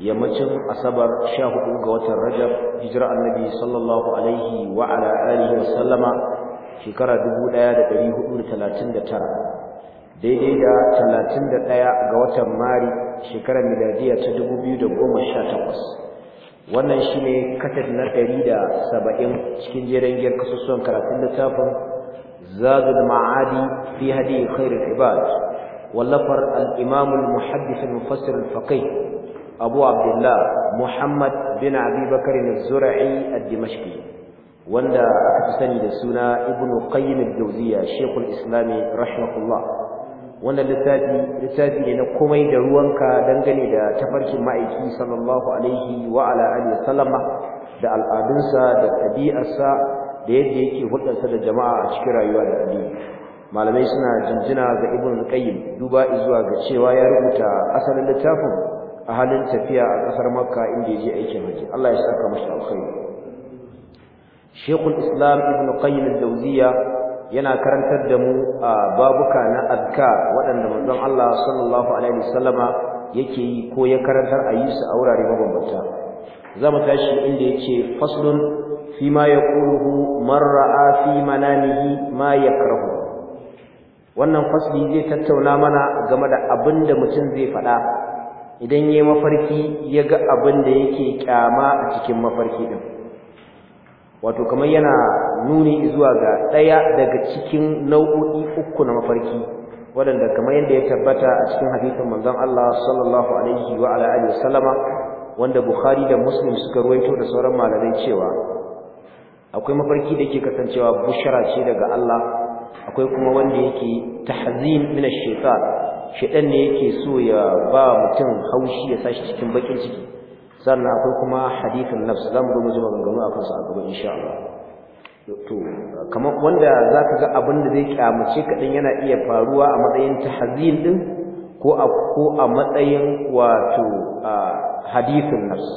yammacin asabar Sha hudu ga watan rajab hijira annabi sallallahu alaihi wa ala alihi wa sallama shekara tara, daidai da talatin da 31 ga watan mari shekarar miladiya ta dubu biyu da goma sha takwas. wannan shi ne katar na da saba'in cikin jeren giyar kasusuwan karatun littafin zadul ma'adi fi hadi khairul ibad wallafar al-imam al-muhaddith al-mufassir al-faqih أبو عبد الله محمد بن أبي wanda aka الدمشقي sani da suna Ibnu قيم الجوزية شيخ الإسلام رحمه الله wanda littafi littafi ne na komai da ruwanka dangane da tafarkin ma'aiki sallallahu alaihi wa ala sallama da al'adunsa da tabi'arsa da yadda yake hulɗarsa da jama'a a cikin rayuwa da addini malamai suna jinjina ga ibn qayyim duba zuwa ga cewa ya rubuta asalin littafin a halin tafiya a ƙasar makka inda ya je aikin haji Allah ya saka mashi alkhairi Sheikhul Islam Ibn Qayyim al-Jawziyya yana karantar da mu a babuka na azkar waɗanda manzon Allah sallallahu alaihi wasallama yake yi ko ya karantar a yi su a wurare mabambanta za mu tashi inda yake faslun fi ma yaquluhu man ra'a fi manamihi ma yakrahu wannan fasli zai tattauna mana game da abinda mutum zai faɗa idan yayi mafarki ya ga abin da yake kyama a cikin mafarki din wato kamar yana nuni zuwa ga ɗaya daga cikin nau'o'i uku na mafarki Waɗanda kamar yadda ya tabbata a cikin hadisin manzon Allah sallallahu alaihi wa ala alihi wasallama wanda Bukhari da Muslim suka ruwaito da sauran malamai cewa akwai mafarki da yake kasancewa bushara ce daga Allah akwai kuma wanda yake tahzin min ash-shaytan shedan ne yake so ya ba mutum haushi ya sashi cikin bakin ciki sannan akwai kuma hadithun nafs zamu zo mu ji maganganu akan sa a gaba insha Allah to kamar wanda zaka ga abin da zai kyamace ka din yana iya faruwa a matsayin tahzin din ko a ko a matsayin wato hadithun nafs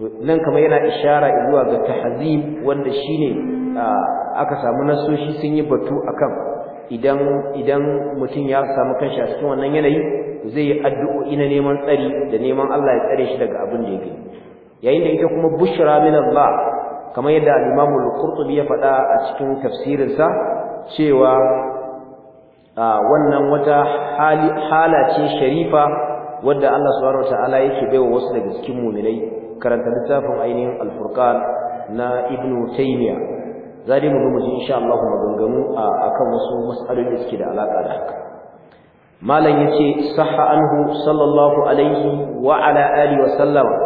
to nan kamar yana ishara zuwa ga tahzin wanda shine aka samu nasoshi sun yi batu akan idan idan mutum ya samu kanshi a cikin wannan yanayi zai yi addu'o'i na neman tsari da neman Allah ya tsare shi daga abin da yake yayin da ita kuma bushra min Allah kamar yadda al-Imam al-Qurtubi ya faɗa a cikin tafsirin sa cewa wannan wata hali halace sharifa wadda Allah subhanahu wataala yake baiwa wasu daga cikin mu'minai karanta littafin ainihin al-Furqan na Ibn Taymiyyah zai mu mu ji insha Allah maganganu akan wasu mas'alolin da suke da alaka da haka malam yace sahha anhu sallallahu alaihi wa ala alihi wa sallama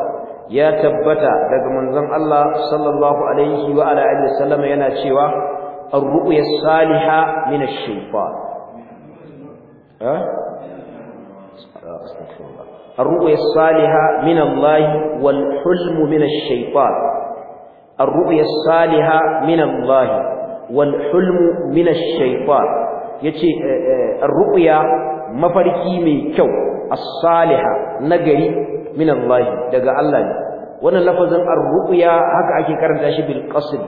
ya tabbata daga manzon Allah sallallahu alaihi wa ala alihi wa sallama yana cewa ar-ru'ya as-saliha min ash-shaytan ha ar-ru'ya as-saliha min Allah wal hulm min ash-shaytan الرؤيا الصالحة من الله والحلم من الشيطان يتي الرؤيا مفرقي من كو الصالحة نقري من الله دقى الله وانا لفظا الرؤيا هكا اكي كرم تاشي بالقصد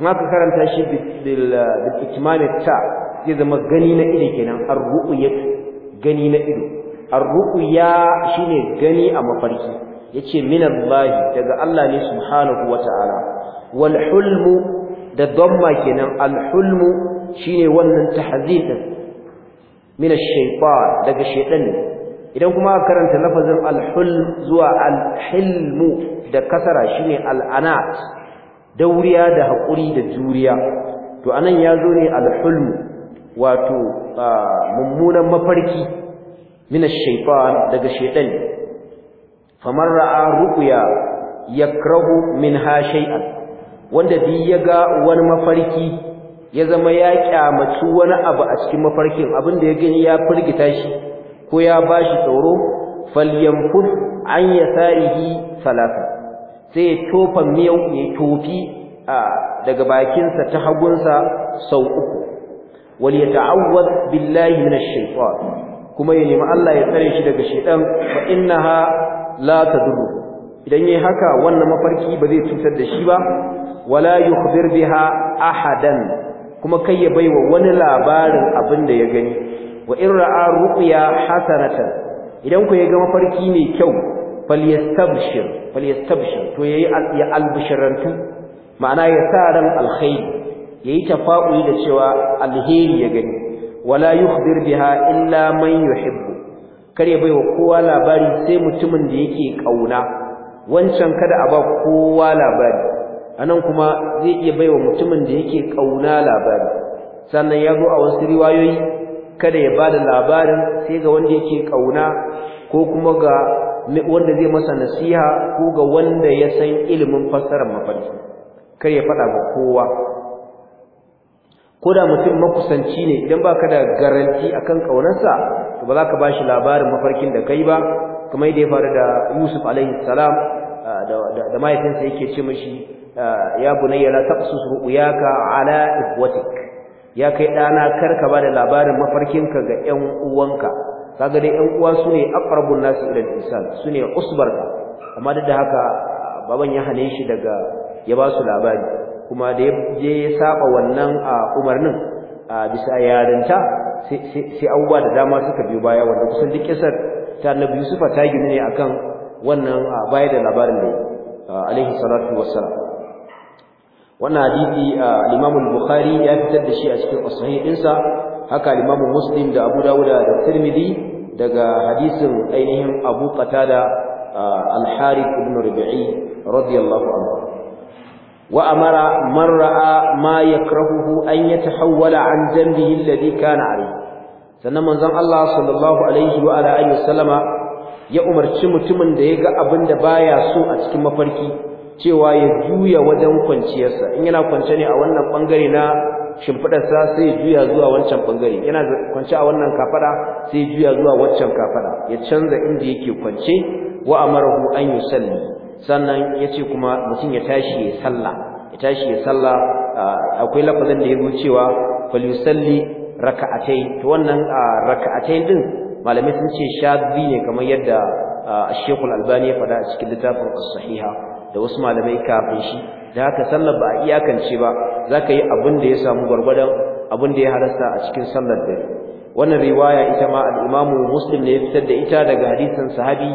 هكا كرم تاشي بالاتمام التاء إذا ما قنينا إلي كنا الرؤية قنينا إلي الرؤيا شيني قني أما فرقي يتي من الله دقى الله سبحانه وتعالى Walhulmu da dhamma kenan alhulmu hulmu shine wannan tahzifin min ash-shaytan daga shaytan idan kuma karanta lafazin al hulm zuwa al da kasara shine al anat dauriya da haƙuri da juriya to anan zo ne alhulmu wato mummunan mafarki min ash-shaytan daga shaytan faman ra'a ruqya yakrahu minha shay'an wanda duk ya ga wani mafarki ya zama ya kyamaci wani abu a cikin mafarkin abinda ya gani ya firgita shi ko ya bashi tsoro falyanfus an yasarihi salasa sai ya tofa miyau ya tofi daga bakinsa ta hagunsa sau uku wal yata'awwad billahi minash shaitan kuma ya nemi Allah ya tsare shi daga shaitan fa innaha la tadur idan yayi haka wannan mafarki ba zai cutar da shi ba wala yukhbir biha ahadan kuma kai ya baiwa wani labarin abin da ya gani wa in ra'a ruqya hasanatan idan ku ya ga mafarki mai kyau falyastabshir falyastabshir to yayi ya albishirantu ma'ana ya sa ran alkhair yayi tafa'uli da cewa alheri ya gani wala yukhbir biha illa man yuhibbu kar ya baiwa kowa labari sai mutumin da yake kauna wancan kada a ba kowa labari anan kuma zai iya baiwa mutumin da yake kauna labari sannan ya zo a wasu riwayoyi kada ya bada labarin sai ga wanda yake kauna ko kuma ga wanda zai masa nasiha ko ga wanda ya san ilimin fassarar mafarki kar ya faɗa ga kowa ko da mutum makusanci ne idan ba ka da garanti akan kaunarsa to ba za ka bashi labarin mafarkin da kai ba kamar da ya faru da Yusuf alaihi salam ah, da mahaifinsa yake ce mishi ya bunayya la taqsus ru'yaka ala ikhwatik ya kai dana ka ba da labarin mafarkinka ga ƴan uwanka kaga dai ƴan uwa sune aqrabun nas ila al-insan sune usbarka amma duk da haka baban ya hane shi daga ya ba su labari kuma da je ya saba wannan umarnin a bisa yarinta sai abubuwa da dama suka biyo baya wanda kusan duk kisar ta annabi yusufa ta gini ne akan wannan baya da labarin da alaihi salatu wassalam wannan hadisi al-Imam al-Bukhari ya fitar da shi a cikin sahih ɗinsa haka al-Imam Muslim da Abu Dawud da Tirmidhi daga hadisin ainihin Abu Qatada al-Harith ibn Rabi'i radiyallahu anhu wa amara man ra'a ma yakrahuhu an yatahawwala an dhanbihi alladhi kana alayhi sannan manzon Allah sallallahu alaihi wa alihi wasallama ya umarci mutumin da ya ga abin da baya so a cikin mafarki cewa ya juya wajen kwanciyarsa in yana kwance ne a wannan bangare na shimfidarsa sai ya juya zuwa wancan bangare yana kwance a wannan kafada sai ya juya zuwa wancan kafada ya canza inda yake kwance wa amarahu an yusalli sannan yace kuma mutum ya tashi ya salla ya tashi ya salla akwai lafazin da zo cewa falyusalli raka'atai to wannan raka'atai din malamai sun ce shadbi ne kamar yadda الشيخ الألباني albani ya faɗa a cikin littafin da wasu malamai kafin shi da haka sallar ba a iyakance ba zaka yi abin da ya samu gwargwadon abin da ya halasta a cikin sallar dare wannan riwaya ita ma al-Imam Muslim ne ya fitar da ita daga hadisin sahabi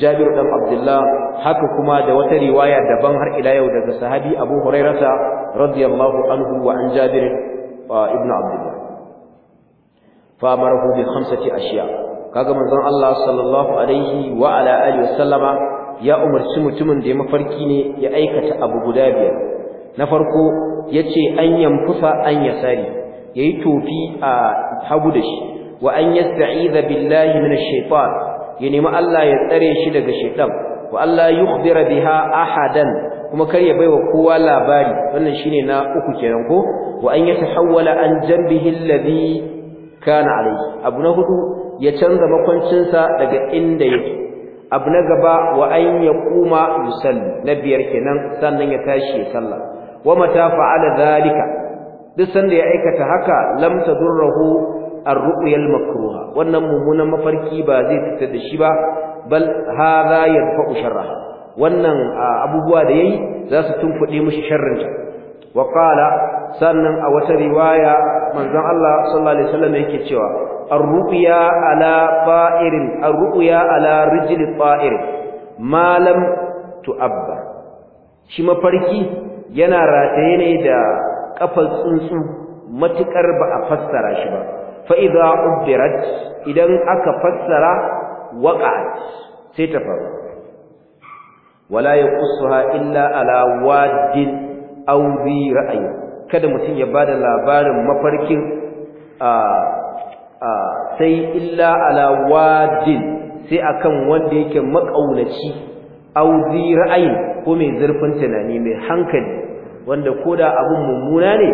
Jabir dan Abdullah haka kuma da wata riwaya daban har ila yau daga sahabi Abu Hurairah radiyallahu anhu wa an Jabir ibn Abdullah fa marahu bi khamsati ashiya kaga manzon Allah sallallahu alaihi wa ala alihi sallama. ya umarci mutumin da ya mafarki ne ya aikata abu guda biyar na farko ya ce an yamfusa an Ya yayi tofi a hagu da shi wa an yasta'iza billahi minash shaitan ya nemi Allah ya tsare shi daga shaitan wa Allah yukhbira biha ahadan kuma kar ya baiwa kowa labari wannan shine na uku kenan ko wa an yatahawwala an janbihi alladhi kana alayhi abu na hudu ya canza makwancinsa daga inda yake abu na gaba wa an kuma yusalli na biyar kenan sannan ya tashi ya sallah wa mata fa'ala zalika duk sanda ya aikata haka lam tadurruhu ar-ru'yal makruha wannan mummunan mafarki ba zai fitar da shi ba bal hadha yadfa'u sharraha wannan abubuwa da yayi za su tunkuɗe mishi sharrin ta wa qala sannan a wata riwaya manzon Allah sallallahu alaihi wasallam yake cewa الرؤيا Ala Fairin الرؤيا على رجل shi mafarki yana rataye ne da kafar tsuntsu matukar ba a fassara shi ba fa idza ubirat idan aka fassara waqa'at sai ta faru wala yaqussuha illa ala wadin aw bi ra'yi kada mutum ya bada labarin mafarkin a sai illa ala wadin sai akan wanda yake makaunaci auzi ra'ayin ko mai zurfin tunani mai hankali wanda koda abun mummuna ne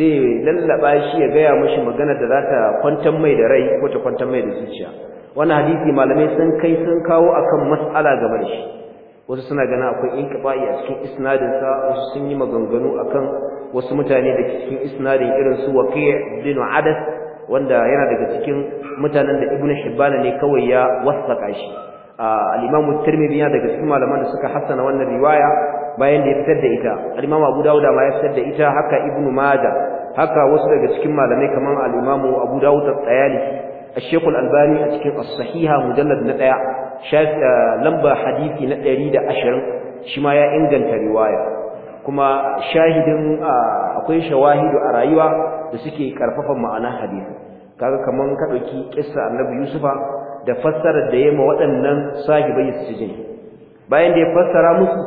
zai lallaba shi ya gaya mashi magana da zata kwantar mai da rai ko ta kwantar mai da zuciya wannan hadisi malamai sun kai sun kawo akan mas'ala gaba da shi wasu suna ganin akwai inqibai a cikin isnadin sa wasu sun yi maganganu akan wasu mutane da cikin isnadin irin su waqi' bin adas wanda yana daga cikin mutanen da ibn shibbana ne kawai ya wasaka shi al-imam at yana daga cikin malaman da suka hassana wannan riwaya bayan da ya fitar da ita al-imam ya fitar da ita haka ibn Mada haka wasu daga cikin malamai kamar al-imam abu dawud at-tayali a cikin as-sahiha mujallar na ɗaya shafi lamba hadisi na ɗari da ashirin shima ya inganta riwaya kuma shahidin akwai shawahidu a rayuwa da suke karfafa ma'anar hadisi. kaga kaman ka dauki kissa annabi yusufa da fassarar da ma waɗannan sahibai su jini? bayan da ya fassara musu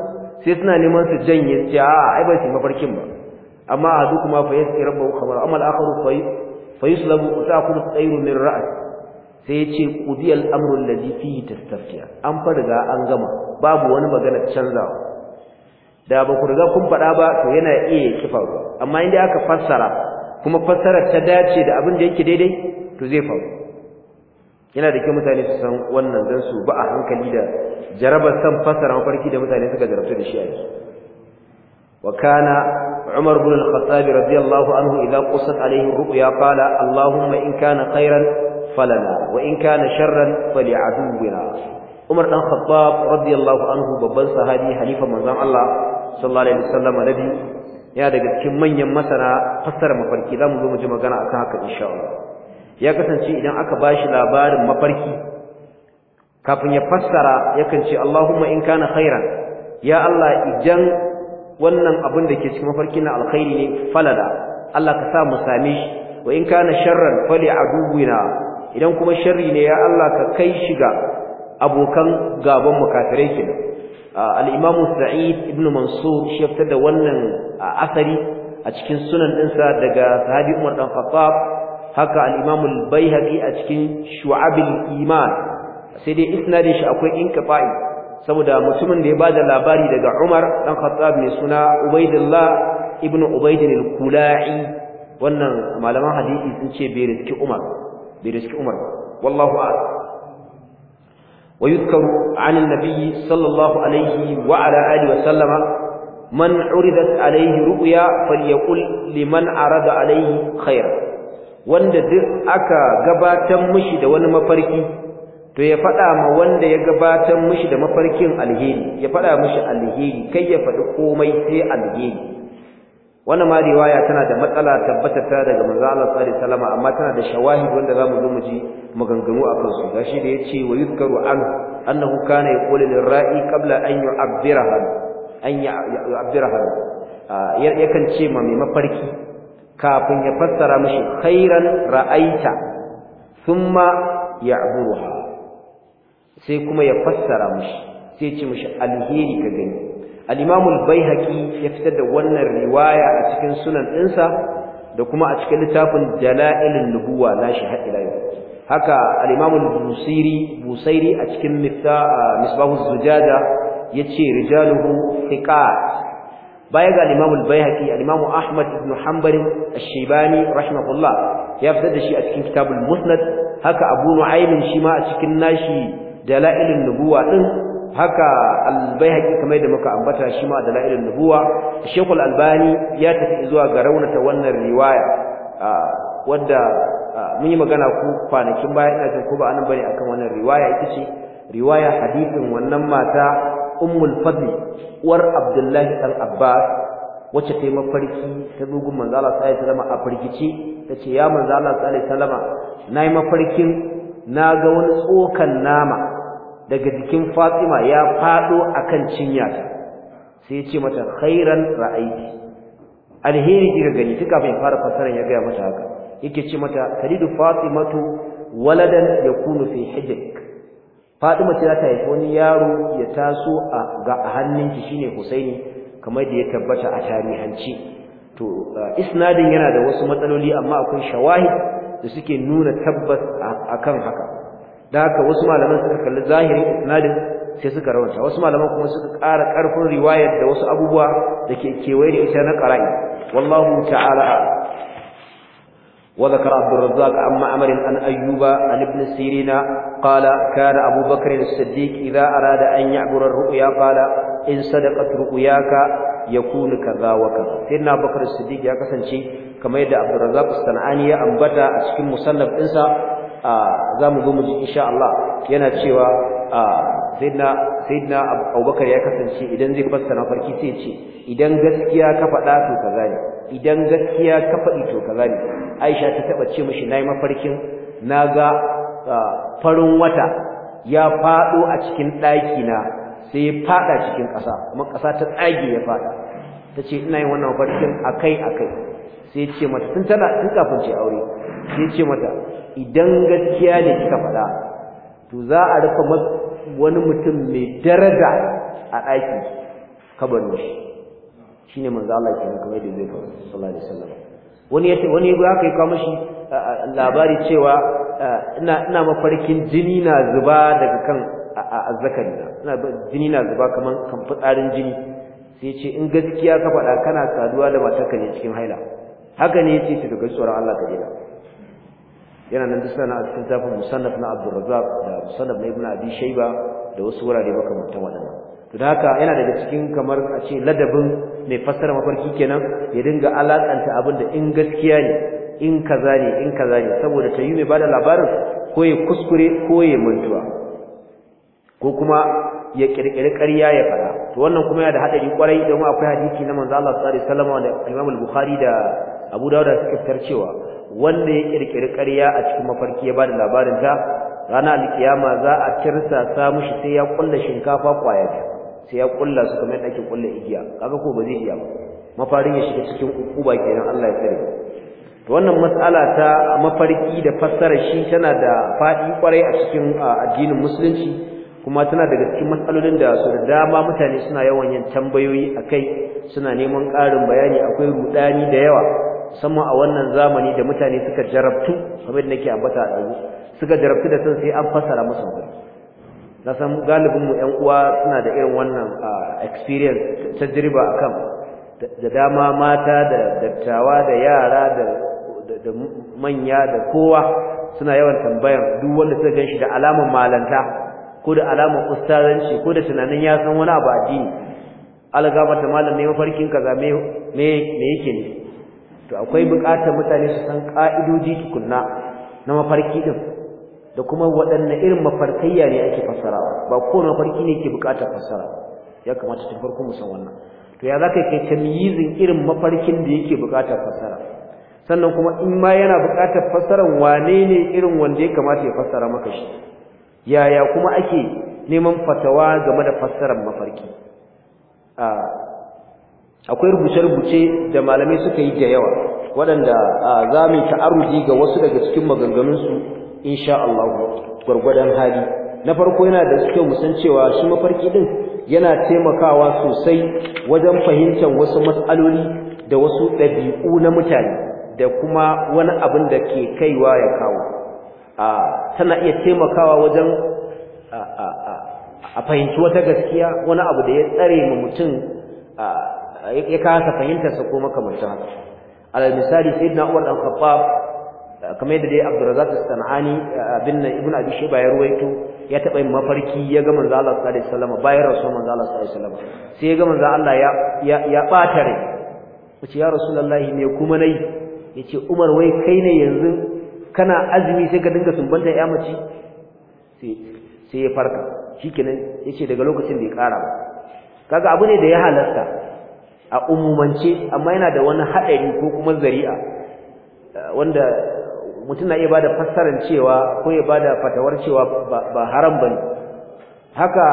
sai suna neman su janye su a ai ba su mafarkin ba amma a kuma fa yasqi rabbahu khabar amal akharu fa fayuslabu ta'kulu at min ra'si sai ya yace qudiyal amru allazi fihi tastafiya an fa an gama babu wani magana canzawa da ba ku riga kun faɗa ba to yana iya kifaru amma inda aka fassara kuma fassarar ta dace da abin da yake daidai to zai faru yana da kyau mutane su san wannan dan su ba a hankali da jarabar san fassara mafarki da mutane suka jarabtu da shi a yanzu wa kana Umar bin al-Khattab radiyallahu anhu idza qusat alayhi ru'ya qala Allahumma in kana khairan falana wa in kana sharran fali'aduwina Umar dan Khattab radiyallahu anhu babban sahabi halifa manzon Allah sallallahu alaihi wasallam nabi ya daga cikin manyan masana fassara mafarki za mu zo mu ji magana akan haka insha ya kasance idan aka bashi labarin mafarki kafin ya fassara yakan ce Allahumma in kana khairan ya Allah idan wannan abin da ke cikin mafarki na alkhairi ne falala Allah ka sa mu same shi wa in kana sharran fali aduwina idan kuma sharri ne ya Allah ka kai shiga abokan gaban mukafirai alimamu imamu sa'id ibn mansur shi ya da wannan asari a cikin sunan ɗinsa daga sahabi umar dan haka al-imamu al a cikin shu'abil iman sai dai isnadin shi akwai inqita'i saboda mutumin da ya ba da labari daga umar ɗan khattab mai suna ubaidillah ibn Ubaid al-kula'i wannan malaman hadisi sun ce bai riski umar bai riski umar wallahu ويذكر عن النبي صلى الله عليه وعلى آله وسلم من عرضت عليه رؤيا فليقل لمن عرض عليه wanda duk aka gabatar mishi da wani mafarki to ya faɗa ma wanda ya gabatar mishi da mafarkin alheri ya faɗa mishi alheri kai ya faɗi komai sai alheri wannan ma riwaya tana da matsala tabbatata daga manzo Allah sallallahu alaihi wasallam amma tana da shawahid wanda zamu zo mu ji maganganu akan su gashi da yace wa yuzkaru an annahu kana yaqulu lirra'i qabla an yu'abbiraha an yu'abbiraha ah, yakan ce ma mai mafarki kafin ya fassara mishi khairan ra'aita thumma ya'buruha sai kuma ya fassara mishi sai ce mishi alheri ka gani al-Imam al-Baihaqi ya fitar da wannan riwaya a cikin sunan ɗinsa da kuma a cikin littafin Dalailun Nubuwa na shi har ila yau haka al-Imam al-Busairi Busairi a cikin Misbahuz Zujaja yace rijaluhu thiqat baya ga Imam al-Baihaqi Imam Ahmad ibn Hanbal al-Shaybani rahimahullah ya fitar da shi a cikin Kitabul Musnad haka Abu Nu'aym shi ma a cikin nashi Dalailun Nubuwa din haka albayhaqi kamar da muka ambata shi ma dalailun nubuwa shekul albani ya tafi zuwa ga raunata wannan riwaya wanda mun yi magana ku kwanakin baya ina jin ko ba anan bane akan wannan riwaya ita ce riwaya hadisin wannan mata ummul Fadl uwar abdullahi dan abbas wacce ta yi mafarki ta dogon manzo Allah sallallahu alaihi wasallam a farkice tace ya manzo Allah sallallahu alaihi wasallam nayi mafarkin na ga wani tsokan nama daga jikin Fatima ya fado akan cinyata sai ya ce mata khairan ra'aiti alheri kika gani kika bai fara fasara ya ga mata haka yake ce mata talidu Fatimatu waladan yakunu fi hijrik Fatima ce ta haifi wani yaro ya taso a ga hannunki shine Husaini kamar da ya tabbata a tarihanci to uh, isnadin yana da wasu matsaloli amma akwai shawahid da suke nuna tabbas akan haka da haka wasu malaman suka kalli zahirin isnadin sai suka rawanta wasu malaman kuma suka ƙara ƙarfin riwayar da wasu abubuwa da ke kewaye da ita na ƙara'i wallahu ta'ala وذكر razzaq amma عن an ayyuba an ibn ابن qala kana abu bakr as-siddiq idha arada an ya'bura ru'ya qala in sadaqat ru'yaka yakunu kaza wa kaza sayyidina abubakar siddiq ya kasance kamar yadda abdurrazzaq sanani ya ambata a cikin musannaf ɗinsa za mu zo mu ji insha Allah yana cewa sayyidina sayyidina Abubakar ya kasance idan zai fassara farki sai ce idan gaskiya ka faɗa to kaza ne idan gaskiya ka faɗi to kaza ne Aisha ta taba ce mishi nayi mafarkin naga farin wata ya faɗo a cikin daki na sai ya faɗa cikin ƙasa kuma ƙasa ta tsage ya faɗa tace ina yin wannan mafarkin akai akai sai ce mata tun tana tun kafin ce aure sai ce mata idan gaskiya ne kika faɗa to za a rufe wani mutum mai daraja a ɗakin kabarin shi ne manzo Allah kenan kamar da zai faru, sallallahu alaihi wasallam wani yace wani ya kai kawo mashi labari cewa ina ina mafarkin jini na zuba daga kan azzakari na ina jini na zuba kaman kan fitsarin jini sai ce in gaskiya ka faɗa kana saduwa da matarka ne cikin haila haka ne yace ta daga tsoron Allah ka jira yana nan dusa na cikin tafin musannaf na Razzaq da musannaf na Ibn Abi Shayba da wasu wurare makamantan waɗannan to da haka yana daga cikin kamar a ce ladabin mai fassara mafarki kenan ya dinga alakanta abin da in gaskiya ne in kaza ne in kaza ne saboda ta yi mai bada labarin ko ya kuskure ko ya mantuwa ko kuma ya kirkiri ƙarya ya fara to wannan kuma yana da hadari kwarai don akwai hadisi na manzo Allah sallallahu alaihi wasallam da Imam al-Bukhari da Abu Dawud suka fitar cewa wanda ya kirkiri ƙarya a cikin mafarki ya bada labarin ta rana alkiyama za a kirsa sa mushi sai ya kulla shinkafa kwaya ta sai ya kulla su kamar yadda ake kulla igiya kaga ko ba zai iya ba mafarin ya shiga cikin ukuba kenan Allah ya tsare to wannan mas'ala ta mafarki da fassara shi tana da fadi kwarai a cikin addinin musulunci kuma tana daga cikin matsalolin da su da dama mutane suna yawan yin tambayoyi akai suna neman ƙarin bayani akwai rudani da yawa musamman a wannan zamani da mutane suka jarabtu kamar da nake ambata a ɗazu suka jarabtu da san sai an fassara musu wani na san galibin mu ƴan uwa suna da irin wannan experience ta jirba kan. da dama mata da dattawa da yara da da manya da kowa suna yawan tambayar duk wanda suka ganshi da alamar malanta ko da alamar ustazanci ko da tunanin ya san wani abu addini alga mata malam ne mafarkin kaza me me yake ne to akwai buƙatar mutane su san ƙa'idoji tukunna na mafarki din da kuma waɗanne irin mafarkayya ne ake fassarawa ba kowane mafarki ne ke buƙatar fassara ya kamata tun farko mu san wannan to ya zaka kai tamyizin irin mafarkin da yake buƙatar fassara sannan kuma in ma yana buƙatar fassarar wane ne irin wanda ya kamata ya fassara maka shi yaya kuma ake neman fatawa game da fassarar mafarki a ah, akwai rubuce-rubuce da malamai suka yi da yawa waɗanda za mu ta'arruji ga wasu daga cikin maganganunsu insha Allah gwargwadon hali na farko yana da suke musan cewa shi mafarki din yana taimakawa sosai wajen fahimtar wasu matsaloli da wasu ɗabi'u na mutane da kuma wani abin da ke kaiwa ya kawo tana iya taimakawa wajen a fahimci wata gaskiya wani abu da ya tsare ma mutum ya kasa fahimtar sa ko makamantan haka alal misali sayyidina Umar dan Khattab kamar yadda dai Abdurrazzaq as-Sanani bin Ibn Abi Shayba ya ruwaito ya taba yin mafarki ya ga manzo Allah sallallahu alaihi wasallam bayan rasul manzo Allah sallallahu alaihi wasallam sai ya ga manzo Allah ya ya ya batare yace ya rasulullahi me kuma nayi yace Umar wai kai ne yanzu kana azumi sai ka dinga sumbanta ya mace sai sai ya farka shikenan yace daga lokacin bai kara ba kaga abu ne da ya halasta a umumance amma yana da wani haɗari ko kuma zari'a wanda mutum na iya ba da fassarar cewa ko ya ba da fatawar cewa ba haram ba ne haka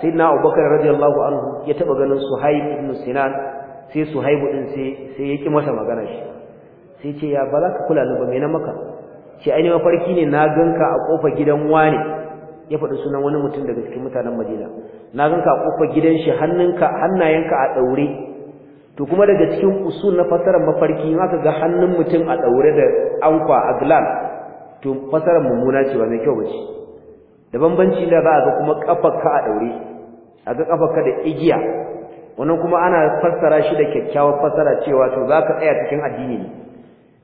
sai na Abubakar radiyallahu anhu ya taba ganin su ibn Sinan sai su haibu ɗin sai ya ƙi masa magana shi sai ce ya ba za ka kula ni ba me na maka ce ainihin mafarki ne na ganka a ƙofa gidan wane ya faɗi sunan wani mutum daga cikin mutanen Madina na ga ka kofa gidan shi hannunka hannayenka a daure to kuma daga cikin usul na fasarar mafarki ma ka ga hannun mutum a daure da ankwa a glan to fasarar mummuna ce ba mai kyau ba ce. da bambanci da za a ga kuma kafarka a daure a ga kafarka da igiya wannan kuma ana fassara shi da kyakkyawar fasara cewa to za ka tsaya cikin addini ne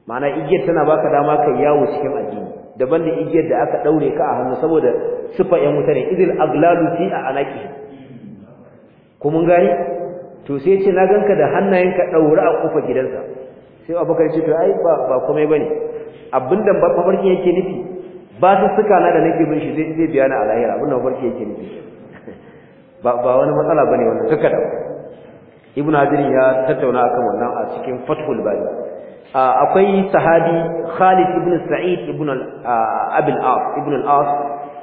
ma'ana igiyar tana baka dama kai yawo cikin addini daban da igiyar da aka daure ka a hannu saboda sifa yan wuta ne idil aglalu fi a anaki. ko mun gani? to sai ce na ganka da hannayenka daure a kofar gidansa sai abubakar ce to ai ba ba komai bane abinda mafarkin yake nufi ba su suka na da nake bin shi zai zai biya na alahira abinda mafarkin yake nufi ba ba wani matsala bane wannan suka da ibn hadir ya tattauna akan wannan a cikin fathul bari akwai sahabi Khalid ibn Sa'id ibn Abul al-As ibn al-As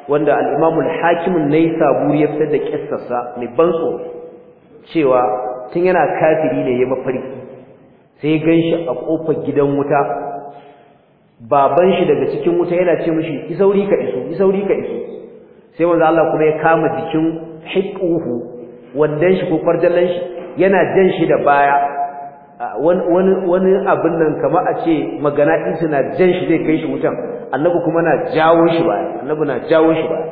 wanda al-Imam al-Hakim an-Naisaburi ya fitar da kissarsa mai ban tsoro cewa tun yana kafiri ne ya mafarki sai ya ganshi a ƙofar gidan wuta baban shi daga cikin wuta yana ce mashi isauri ka iso isauri ka iso sai wanzu Allah kuma ya kama jikin hiquhu wandan shi ko farjallan shi yana jan shi da baya wani abin nan kamar a ce magana na jan shi zai kai shi wutan annabi kuma na jawo shi baya annabi na jawo shi baya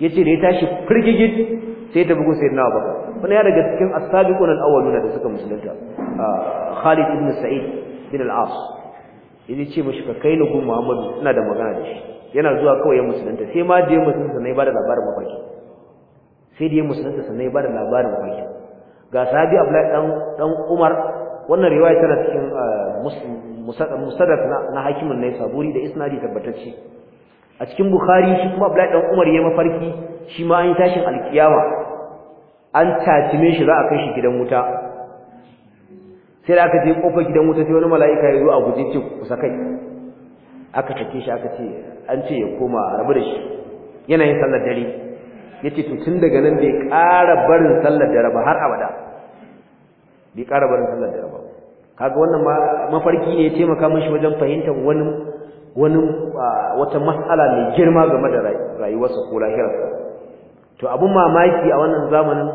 yace da ya tashi firgigit sai ta bugu sayyidina abubakar wannan ya daga cikin as-sabiqun al-awwaluna da suka musulunta ah, Khalid ibn Sa'id bin al-As yace ce mushi ka kai lugu Muhammadu ina da magana da shi yana zuwa kawai ya musulunta sai ma da ya musulunta sannan ya bada labarin mafaki sai da ya musulunta sannan ya bada labarin mafaki ga sahabi Abdullah dan dan Umar wannan riwaya tana cikin ah, musaddaq na hakimin ne saburi da isnadi tabbatacce a cikin bukhari shi kuma Abdullah dan umar yayi mafarki shi ma an tashin alkiyama an tatime shi za a kai shi gidan wuta sai da aka je kofar gidan wuta sai wani mala'ika ya zo a guje ce ku kai. aka take shi aka ce an ce ya koma rabu da shi yana yin sallar dare yace to tun daga nan bai ƙara barin sallar dare ba har abada bai ƙara barin sallar dare ba kaga wannan mafarki ne ya taimaka shi wajen fahimtar wani wani ah, wata mas'ala mai girma game da rayuwarsa ko lahirarsa to abun mamaki a wannan zamanin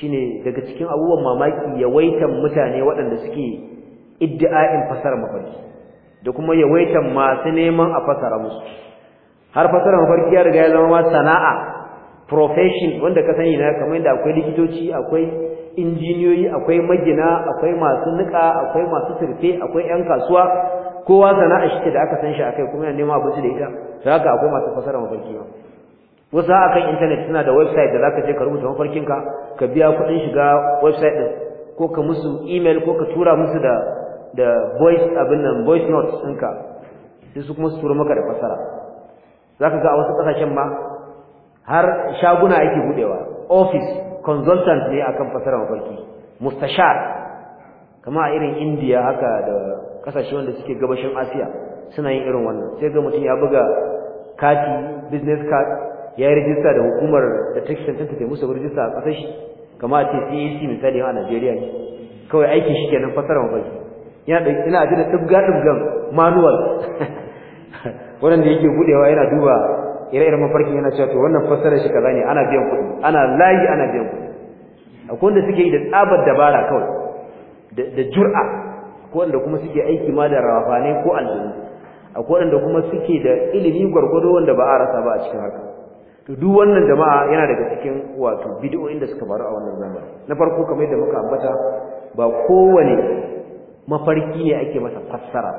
shine daga cikin abubuwan mamaki yawaitan mutane waɗanda suke iddia'in fasara mafarki da kuma yawaitan masu neman a fasara musu har fasara mafarki ya riga ya zama sana'a profession wanda ka sani na kamar yadda akwai likitoci akwai injiniyoyi akwai magina akwai masu nika akwai masu turfe akwai yan kasuwa kowa sana'a shi da aka san shi akai kuma yana neman abinci da ita za ka akwai masu fasara mafarki wasu kan intanet suna da website da ka je ka rubuta mafarkinka ka biya kuɗin shiga website din ko ka musu email ko ka tura musu da da voice abin nan voice note ɗinka sai su kuma su tura maka da fasara zaka ga a wasu kasashen ma har shaguna ake budewa office consultant ne akan fasara mafarki mustashar kama a irin Indiya haka da kasashe wanda suke gabashin Asiya suna yin irin wannan sai ga mutum ya buga kati business card ya yi rijista da hukumar da ta cancanta musu rijista a ƙasar shi kama a ce CAC misali a Najeriya ne kawai aikin shi kenan fasara mafarki yana da ina ajiyar ɗibga dubgan manual wanda yake budewa yana duba ire-iren mafarkin yana cewa to wannan fasarar shi kaza ne ana biyan kuɗi ana layi ana biyan kuɗi akwai wanda suke yi da tsabar dabara kawai da jur'a akwai wanda kuma suke aiki ma da rawafanai ko aljanu akwai wanda kuma suke da ilimi gwargwado wanda ba a rasa ba a cikin haka to duk wannan jama'a yana daga cikin wato bid'o'in da suka faru a wannan zamani na farko kamar yadda muka ambata ba kowane mafarki ne ake masa fassara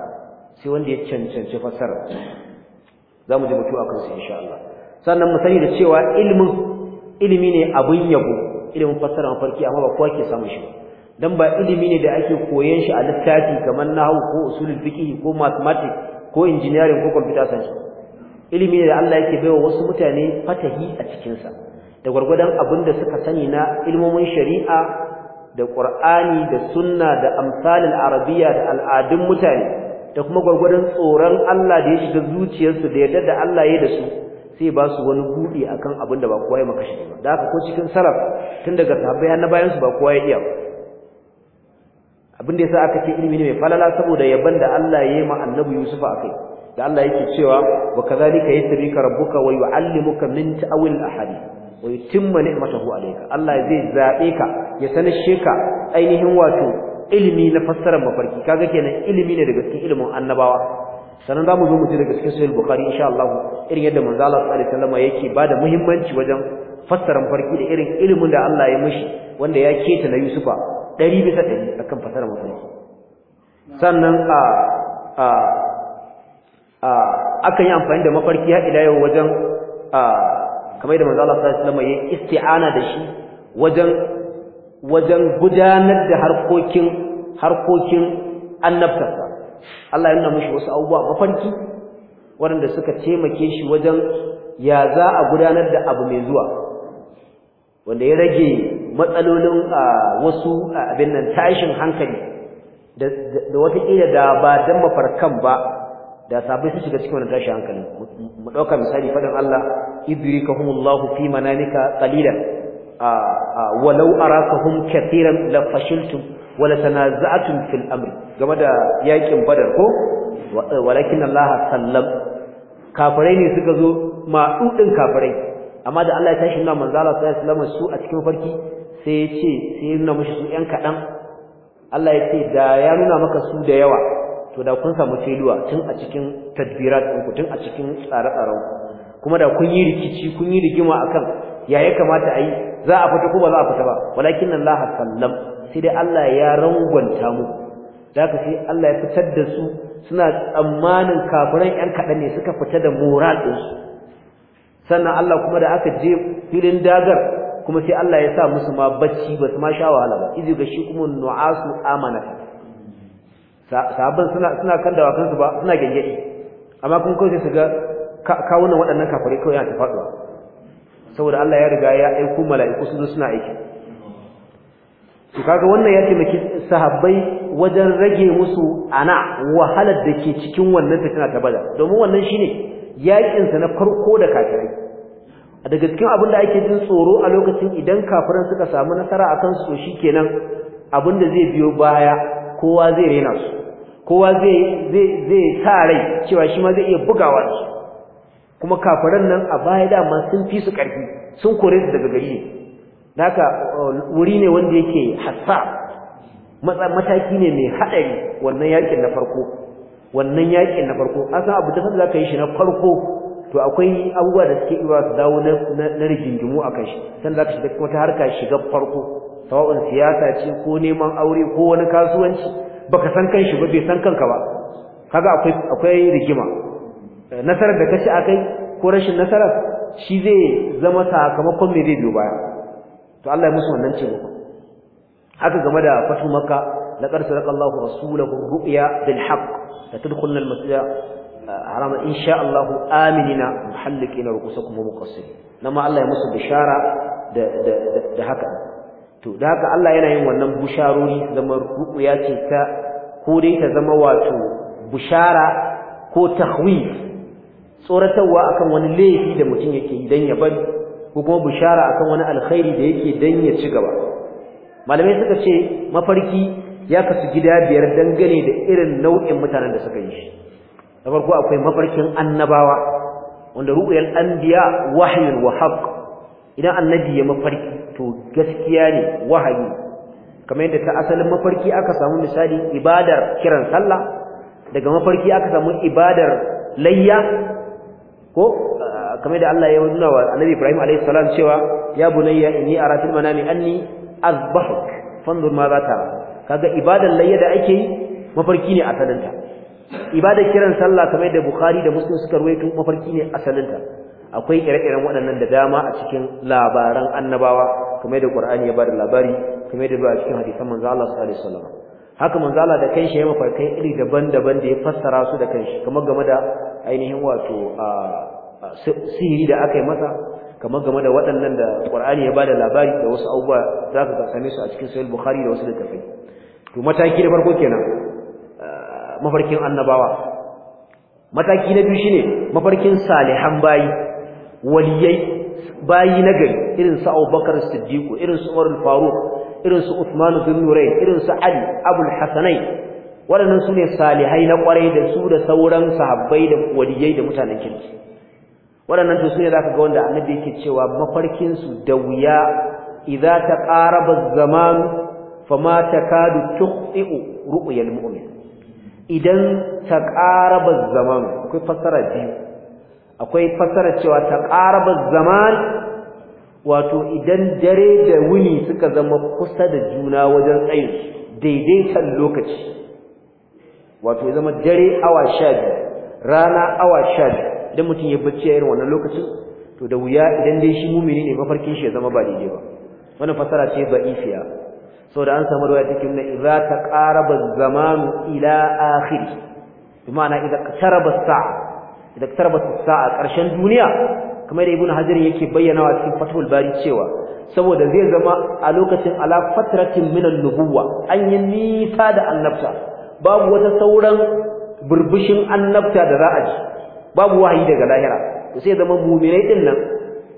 sai wanda ya cancanci fassara za mu ji mutu a kansu insha Allah sannan mu sani da cewa ilimin ilimi ne abin yabo ilimin fassara mafarki amma ba kowa ke samun shi dan ba ilimi ne da ake koyon shi a littafi kamar nahwu ko usulul fiqh ko mathematics ko engineering ko computer science ilimi ne da Allah yake baiwa wasu mutane fatahi a cikinsa da gwargwadon abinda suka sani na ilmomin shari'a da qur'ani da sunna da amsalin arabiyya da al'adun mutane da kuma gwargwadon tsoron Allah da ya shiga zuciyarsu da yadda da Allah ya da su sai ba su wani buɗe akan abin da ba kowa ya maka shi ba da haka ko cikin sarraf, tun daga sahabbai har na bayan su ba kowa ya iya abin da yasa aka ce ilimi ne mai falala saboda yabban da Allah ya yi ma Annabi Yusuf akai da Allah yake cewa wa kadhalika yasrika rabbuka wa yuallimuka min ta'wil ahadi wa yutimma ni'matahu alayka Allah zai zabe ka ya sanashe ka ainihin wato ilimi na fassarar mafarki kaga kenan ilimi ne daga cikin ilimin annabawa sanan zamu zo mu ji daga cikin sahih bukhari insha Allah irin yadda manzo Allah sallallahu alaihi wasallam yake bada muhimmanci wajen fassarar mafarki da irin ilimin da Allah ya mishi wanda ya keta na Yusufa 100 bisa 100 akan fassarar mafarki sannan a akan yi amfani da mafarki har ila yau wajen kamar da manzo Allah sallallahu alaihi wasallam ya isti'ana da shi wajen wajen gudanar da harkokin harkokin annabtarsa Allah ya nuna wasu abubuwa mafarki waɗanda suka taimake shi wajen ya za a gudanar da abu mai zuwa wanda ya rage matsalolin wasu abin nan tashin hankali da wata ƙila da ba dan mafarkan ba da sabai su shiga cikin wannan tashi hankali mu dauka misali fadan Allah idrikahumullahu fi manamika qalilan walau arakahum katiran la fashiltum wala tanaza'tum fil amri game da yakin badar ko walakin Allah sallam kafirai ne suka zo ma dudin kafirai amma da Allah ya tashi na manzo Allah sallallahu alaihi wasallam su a cikin farki sai ya ce sai ya nuna musu su yan kadan Allah ya ce da ya nuna maka su da yawa to da kun samu failure tun a cikin tadbirat ku tun a cikin tsare-tsaren kuma da kun yi rikici kun yi rigima akan ya ya kamata a yi za a fita kuma ba za a fita ba walakin Allah sallam sai dai Allah ya rangwanta mu da haka sai Allah ya fitar da su suna tsammanin kafiran yan kaɗan ne suka fita da moral din su. sannan Allah kuma da aka je filin dagar kuma sai Allah ya sa musu ma bacci ba su ma sha wahala ba izi ga shi kuma nu'asu amana sahabban suna suna kan dawakan su ba suna gengedi amma kun kawai sai su ga kawunan waɗannan kafare kawai yana ta saboda Allah ya riga ya aiko mala'iku su zo suna aiki to kaga wannan ya taimaki sahabbai wajen rage musu ana wahalar da ke cikin wannan fitina ta bada domin wannan shine yakin sa na farko da kafirai daga cikin abin da ake jin tsoro a lokacin idan kafiran suka samu nasara a akan su shikenan abin da zai biyo baya kowa zai rena su kowa zai sa rai cewa shi ma zai iya bugawa da su kuma kafiran nan a baya dama sun fi su ƙarfi sun kore su daga gari ne haka uh, wuri ne wanda yake hassa mataki ne mai haɗari wannan yakin na farko wannan yakin na farko an san abu da za ka yi shi na farko to akwai abubuwa da suke iya su dawo na rigingimu a kan shi san za ka shiga wata harka shiga farko sawa'un siyasa ce ko neman aure ko wani kasuwanci baka san kanshi ba bai san kanka ba kaga akwai akwai rigima eh, nasarar da kace akai ko rashin nasarar shi zai zama sakamakon me zai biyo baya to Allah ya musu wannan ce haka game da fatu makka laqad sadaqa Allahu rasulahu ru'ya bil haqq latadkhulna al masjid eh, harama insha Allah aminina muhallikina rukusakum wa muqassirin nama Allah ya musu bishara da da da haka to da haka Allah yana yin wannan busharori zama zama ya ce ta ko dai ta zama wato bushara ko tahwif tsoratarwa akan wani laifi da mutum yake yi dan ya bari ko kuma bushara akan wani alkhairi da yake dan ya ci gaba malamai suka ce mafarki ya kasu gida biyar dangane da irin nau'in mutanen da suka yi shi da farko akwai mafarkin annabawa wanda ru'yal anbiya wahyun wa haqq idan annabi ya mafarki to gaskiya ne wahayi kamar yadda ta asalin mafarki aka samu misali ibadar kiran sallah daga mafarki aka samu ibadar layya ko ah, kamar yadda Allah ya nuna wa Annabi Ibrahim alayhi salam cewa ya bunayya inni ara fil manami anni azbahuk fanzur ma zata kaga ibadar layya da ake yi mafarki ne asalinta ibadar kiran sallah kamar yadda Bukhari da Muslim suka rawaito mafarki ne asalinta akwai ire-iren waɗannan da dama a cikin labaran annabawa kamar da Qur'ani ya bada labari kamar da ba cikin hadisan manzo Allah sallallahu alaihi wasallam haka manzo Allah da kanshi ya mafarkai iri daban-daban da ya fassara su da kanshi kamar game da ainihin wato sihiri da aka yi masa kamar game da waɗannan da Qur'ani ya bada labari da wasu abubuwa za ka same su a cikin Sahih Bukhari da wasu littafai to mataki da farko kenan mafarkin annabawa mataki na biyu shine mafarkin salihan bayi waliyai bayi na gari irin su Abubakar Siddiq irin su Umar al-Faruq irin su Uthman bin Nurayn irin su Ali Abu al-Hasanain waɗannan sune salihai na kwarai da su da sauran sahabbai da waliyai da mutanen kirki waɗannan to sune zaka ga wanda annabi yake cewa mafarkin su da wuya idza taqaraba az-zaman fama takadu tukhti'u ru'yal mu'min idan taqaraba az-zaman akwai fasara biyu akwai fasara cewa ta ƙaraba zaman wato idan dare da wuni suka zama kusa da juna wajen tsayin daidaitan lokaci wato ya zama dare awa sha biyu rana awa sha biyu idan mutum ya bacci a irin wannan lokacin to da wuya idan dai shi mumini ne mafarkin shi ya zama ba daidai ba wannan fasara ce ba ifiya da an samu ruwa take nuna idza taqaraba zamanu ila akhiri bi ma'ana idza raba sa'a da sa a ƙarshen duniya kamar da ibnu hajar yake bayyana wa cikin fathul bari cewa saboda zai zama a lokacin ala fatratin min an an yi nisa da annabta babu wata sauran burbushin annabta da za a ji babu wahayi daga lahira to sai zama mu'minai din nan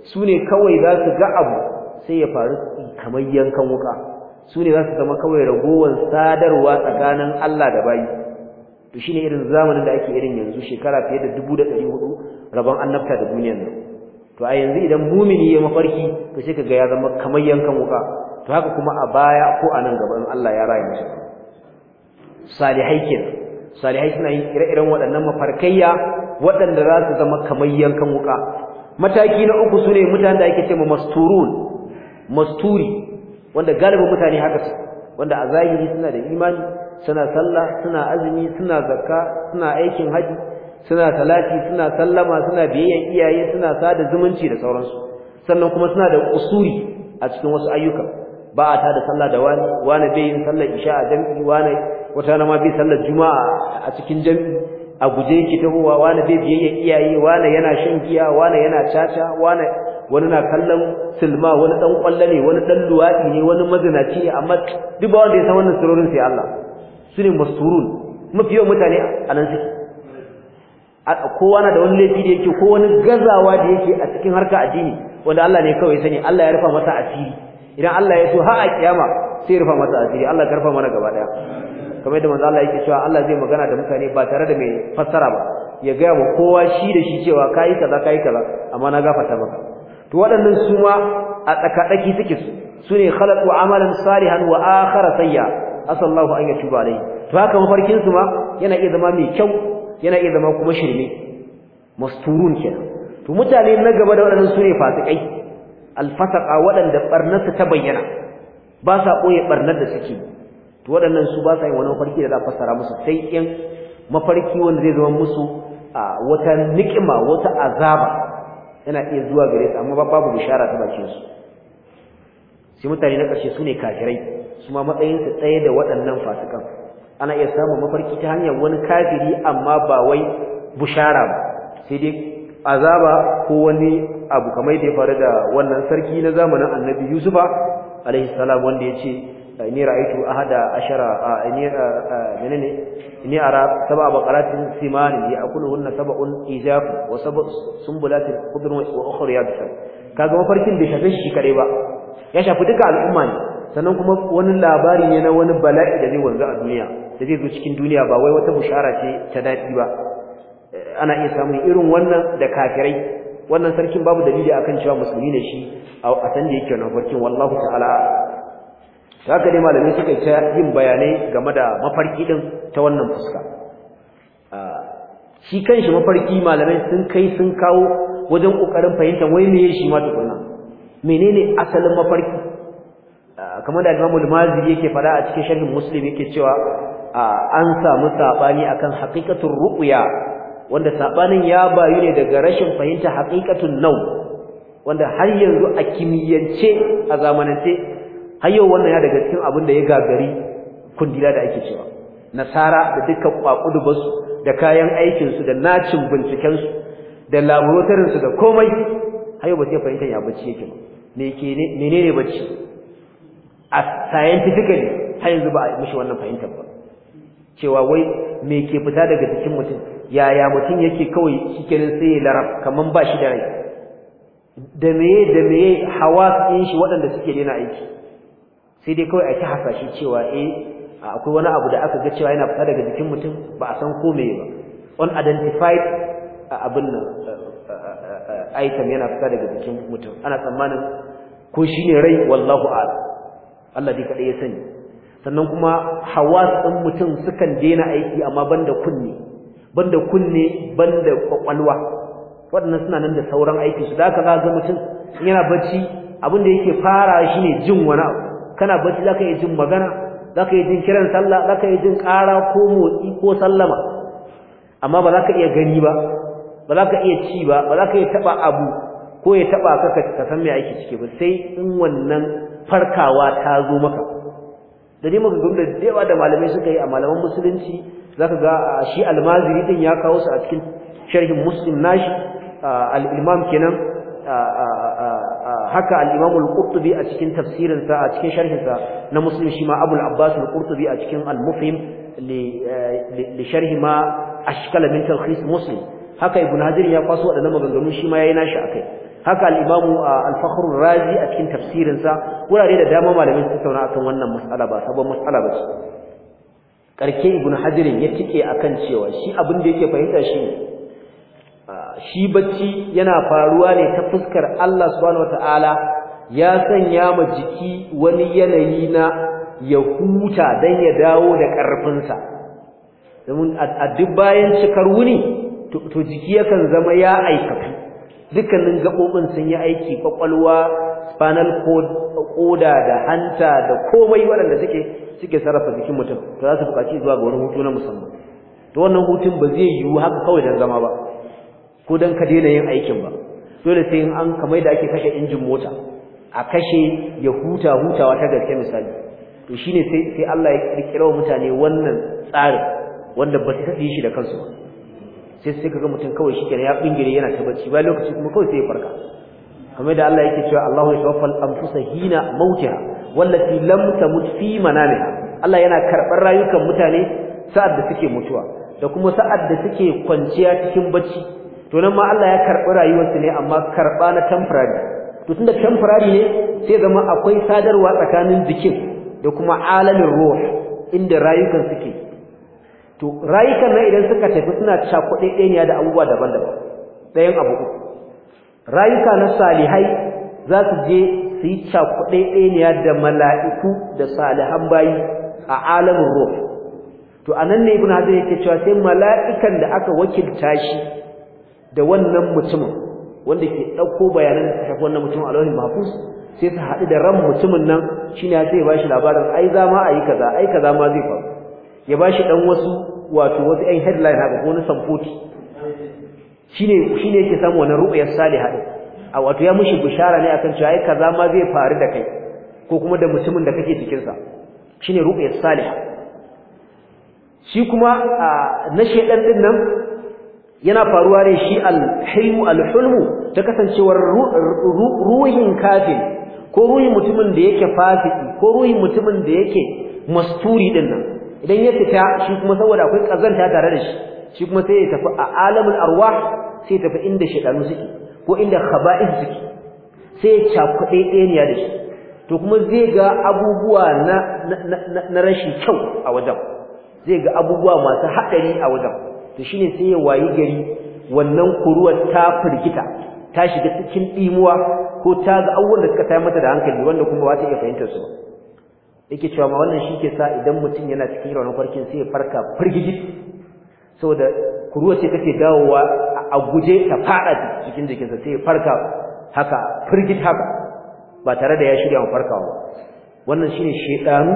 Su ne kawai za su ga abu sai ya faru kamar yankan wuka ne za su zama kawai ragowar sadarwa tsakanin Allah da bayi to shine irin zamanin da ake irin yanzu shekara fiye da 1400 rabon annabta da duniyar nan to a yanzu idan mumini ya mafarki to sai kaga ya zama kamar yankan wuka to haka kuma a baya ko a nan gaban Allah ya raye musu salihai kenan salihai suna yin ire-iren waɗannan mafarkaiya waɗanda za su zama kamar yankan wuka mataki na uku sune mutanen da ake cewa masturun masturi wanda galibin mutane haka su wanda a zahiri suna da imani suna sallah suna azumi suna zakka suna aikin haji suna talati suna sallama suna biyayyan iyaye suna sada zumunci da sauransu sannan kuma suna da usuri a cikin wasu ayyuka ba a tada sallah da wani wani bai yin sallar isha a jami'i wani wata na ma bai sallar juma'a a cikin jami'i a guje yake tahowa wani bai biyayyan iyaye wani yana shan giya wani yana caca wani wani na kallon silma wani dan kwalle ne wani dan luwadi ne wani mazinaci amma duk ba wanda ya san wannan sirrin sai Allah su ne masturun mafi yawan mutane a nan suke kowa na da wani laifi da yake ko wani gazawa da yake a cikin harka addini wanda Allah ne kawai sani Allah ya rufa masa asiri idan Allah ya so har a kiyama sai ya rufa masa asiri Allah ya rufa mana gaba daya kamar yadda manzo Allah yake cewa Allah zai magana da mutane ba tare da mai fassara ba ya ga wa kowa shi da shi cewa kai kaza kai kaza amma na gafarta maka to waɗannan su ma a tsakadaki suke su sune khalaqu amalan salihan wa akhara sayya asallahu an yatuba alaihi to haka mafarkin su ma yana iya zama mai kyau yana iya zama kuma shirme masturun kenan to mutane na gaba da waɗannan sune fasikai alfasaqa waɗanda barnar ta bayyana ba sa koyi barnar da suke to waɗannan su ba sa yin wani mafarki da za a fassara musu sai in mafarki wanda zai zama musu a wata ni'ima wata azaba yana iya zuwa gare su amma babu bishara ta bakin su sai mutane na ƙarshe su ne kafirai su ma matsayinsu tsaye da waɗannan fasikan ana iya samun mafarki ta hanyar wani kafiri amma ba wai bushara ba sai dai azaba ko wani abu kamar da ya faru da wannan sarki na zamanin annabi yusufa alaihi salam wanda ya ce ni ra'aytu ahada ashara ni menene ni ara sab'a baqaratin siman ya'kuluhunna sab'un ijaf wa sab'u sumbulatin khudrun wa ukhra yabsa kaga mafarkin ta shafe shi kare ba ya shafi duka al'umma ne sannan kuma wani labari ne na wani bala'i da zai wanzu a duniya da zai zo cikin duniya ba wai wata bushara ce ta daɗi ba eh, ana iya samun irin wannan da kafirai wannan sarkin babu dalili akan cewa musulmi ne shi a san da yake farkin wallahu ta'ala haka dai malamai suka ta yin bayanai game da mafarki din ta wannan fuska ah, shi kanshi mafarki malamai sun kai sun kawo wajen kokarin fahimta, wai meye shi ma tukunna menene asalin mafarki kamar da Imam al-Maziri yake fara a cikin sharhin Muslim yake cewa an samu sabani akan haqiqatul ruqya wanda sabanin ya bayu ne daga rashin fahimta haqiqatul nau, wanda har yanzu a kimiyyance a zamanance har yau wannan ya daga cikin abin da ya gagari kundila da ake cewa nasara da dukkan kwakudubansu da kayan aikinsu da nacin bincikensu da laboratorinsu da komai har yau ba sai fahimtar ya bace yake ba ke menene bacci a scientifically har yanzu ba a mishi wannan fahimtar ba cewa wai me ke fita daga jikin mutum yaya mutum yake kawai shikenan sai ya larab kaman ba shi da rai da meye da meye hawas ɗin shi waɗanda suke daina aiki sai dai kawai a ta hasashe cewa eh akwai wani abu da aka ga cewa yana fita daga jikin mutum ba a san ko meye ba unidentified abin nan aitam yana fita daga jikin mutum ana tsammanin ko shine rai wallahu a'lam Allah dai kadai ya sani sannan kuma hawas din mutum sukan daina aiki amma banda kunne banda kunne banda kwakwalwa wadannan suna nan da sauran aiki su da haka ga mutum yana bacci abin da yake fara shine jin wani abu kana bacci zaka iya jin magana zaka yi jin kiran sallah zaka yi jin kara? ko motsi ko sallama amma ba zaka iya gani ba ba za ka iya ci ba ba za ka iya taba abu ko ya taba ka ka san me aiki ciki ba sai in wannan farkawa ta zo maka da dai muka gumda da yawa da malamai suka yi a malaman musulunci zaka ga shi almaziri din ya kawo su a cikin sharhin muslim nashi al kenan haka al al-qurtubi a cikin tafsirinsa, a cikin sharhinsa na muslim shi ma abul abbas al-qurtubi a cikin al-mufhim li eh, sharhi ma ashkala min talkhis muslim haka ibn hajar ya kwaso waɗannan maganganu shi ma yayi nashi akai haka al imam uh, al-fakhr razi a cikin tafsirin sa wurare da dama malamai su tauna akan wannan mas'ala ba sabon mas'ala ba ce karke ibn hajar ya tike akan cewa shi abin da yake fahimta shi uh, shi bacci yana faruwa ne ta fuskar Allah subhanahu wataala ya sanya ma jiki wani yanayi na ya huta dan ya dawo da karfinsa domin a duk bayan cikar wuni to jiki yakan zama ya aikata, dukkanin gaɓoɓin sun yi aiki kwakwalwa spinal cord ƙoda da hanta da komai waɗanda suke suke sarrafa jikin mutum to za su buƙaci zuwa ga wani hutu na musamman to wannan hutun ba zai yiwu haka kawai dan zama ba ko dan ka daina yin aikin ba dole sai in an kamar da ake kashe injin mota a kashe ya huta hutawa ta gaske misali to shine sai sai Allah ya kirkira mutane wannan tsarin wanda ba su yi shi da kansu ba sai sai kaga mutum kawai shi kenan ya bingire yana ta bacci bayan lokaci kuma kawai sai ya farka kamar da Allah yake cewa Allahu yatawaffal anfusa hina mautiha wallati lam tamut fi manamiha Allah yana karɓar rayukan mutane sa'ad da suke mutuwa da kuma sa'ad da suke kwanciya cikin bacci to nan ma Allah ya karɓi rayuwarsu ne amma karɓa na temporary to tunda temporary ne sai zama akwai sadarwa tsakanin jikin da kuma alamin ruh inda rayukan suke to rayukan nan idan suka tafi suna cakuɗe da abubuwa daban-daban ɗayan abu uku rayuka na salihai za su je su yi cakuɗe da mala'iku da salihan bayi a alamin ruh to anan ne ibn hazar yake cewa sai mala'ikan da aka wakilta shi da wannan mutumin wanda ke ɗauko bayanan da shafi wannan mutumin a lauhin mahfuz sai su haɗu da ran mutumin nan shine ya ce ba shi labarin ai za ma a yi kaza ai kaza ma zai faru ya ba shi ɗan wasu wato wasu ɗan headline haka ko wani samfoti Shi ne yake samu wani wannan ya sale din a wato ya mushi bishara ne akan cewa aika za ma zai faru da kai ko kuma da mutumin da kake cikinsa." cikin sa shine ya sale. shi kuma na shaɗan ɗin nan yana faruwa ne shi al alhulmu ta kasancewar ruhin kafin ko ruhin mutumin da yake fasiki ko ruhin mutumin da yake masturi din nan idan ya fita shi kuma saboda akwai kazanta tare da shi shi kuma sai ya tafi a alamul arwah sai ya tafi inda shedanu suke ko inda khaba'is suke sai ya dai ɗaniya da shi to kuma zai ga abubuwa na na rashin kyau a wajen zai ga abubuwa masu haɗari a wajen to shine sai ya wayi gari wannan kuruwar ta firgita ta shiga cikin ɗimuwa ko ta ga abubuwan da suka tayar mata da hankali wanda kuma ba ta iya fahimtar su ba yake cewa ma wannan shi ke sa idan mutum yana cikin irin farkin sai ya farka firgigit saboda kuruwa ce take dawowa a guje ta fada cikin jikinsa sai ya farka haka firgit haka ba tare da ya shirya wa farkawa ba wannan shine shedanu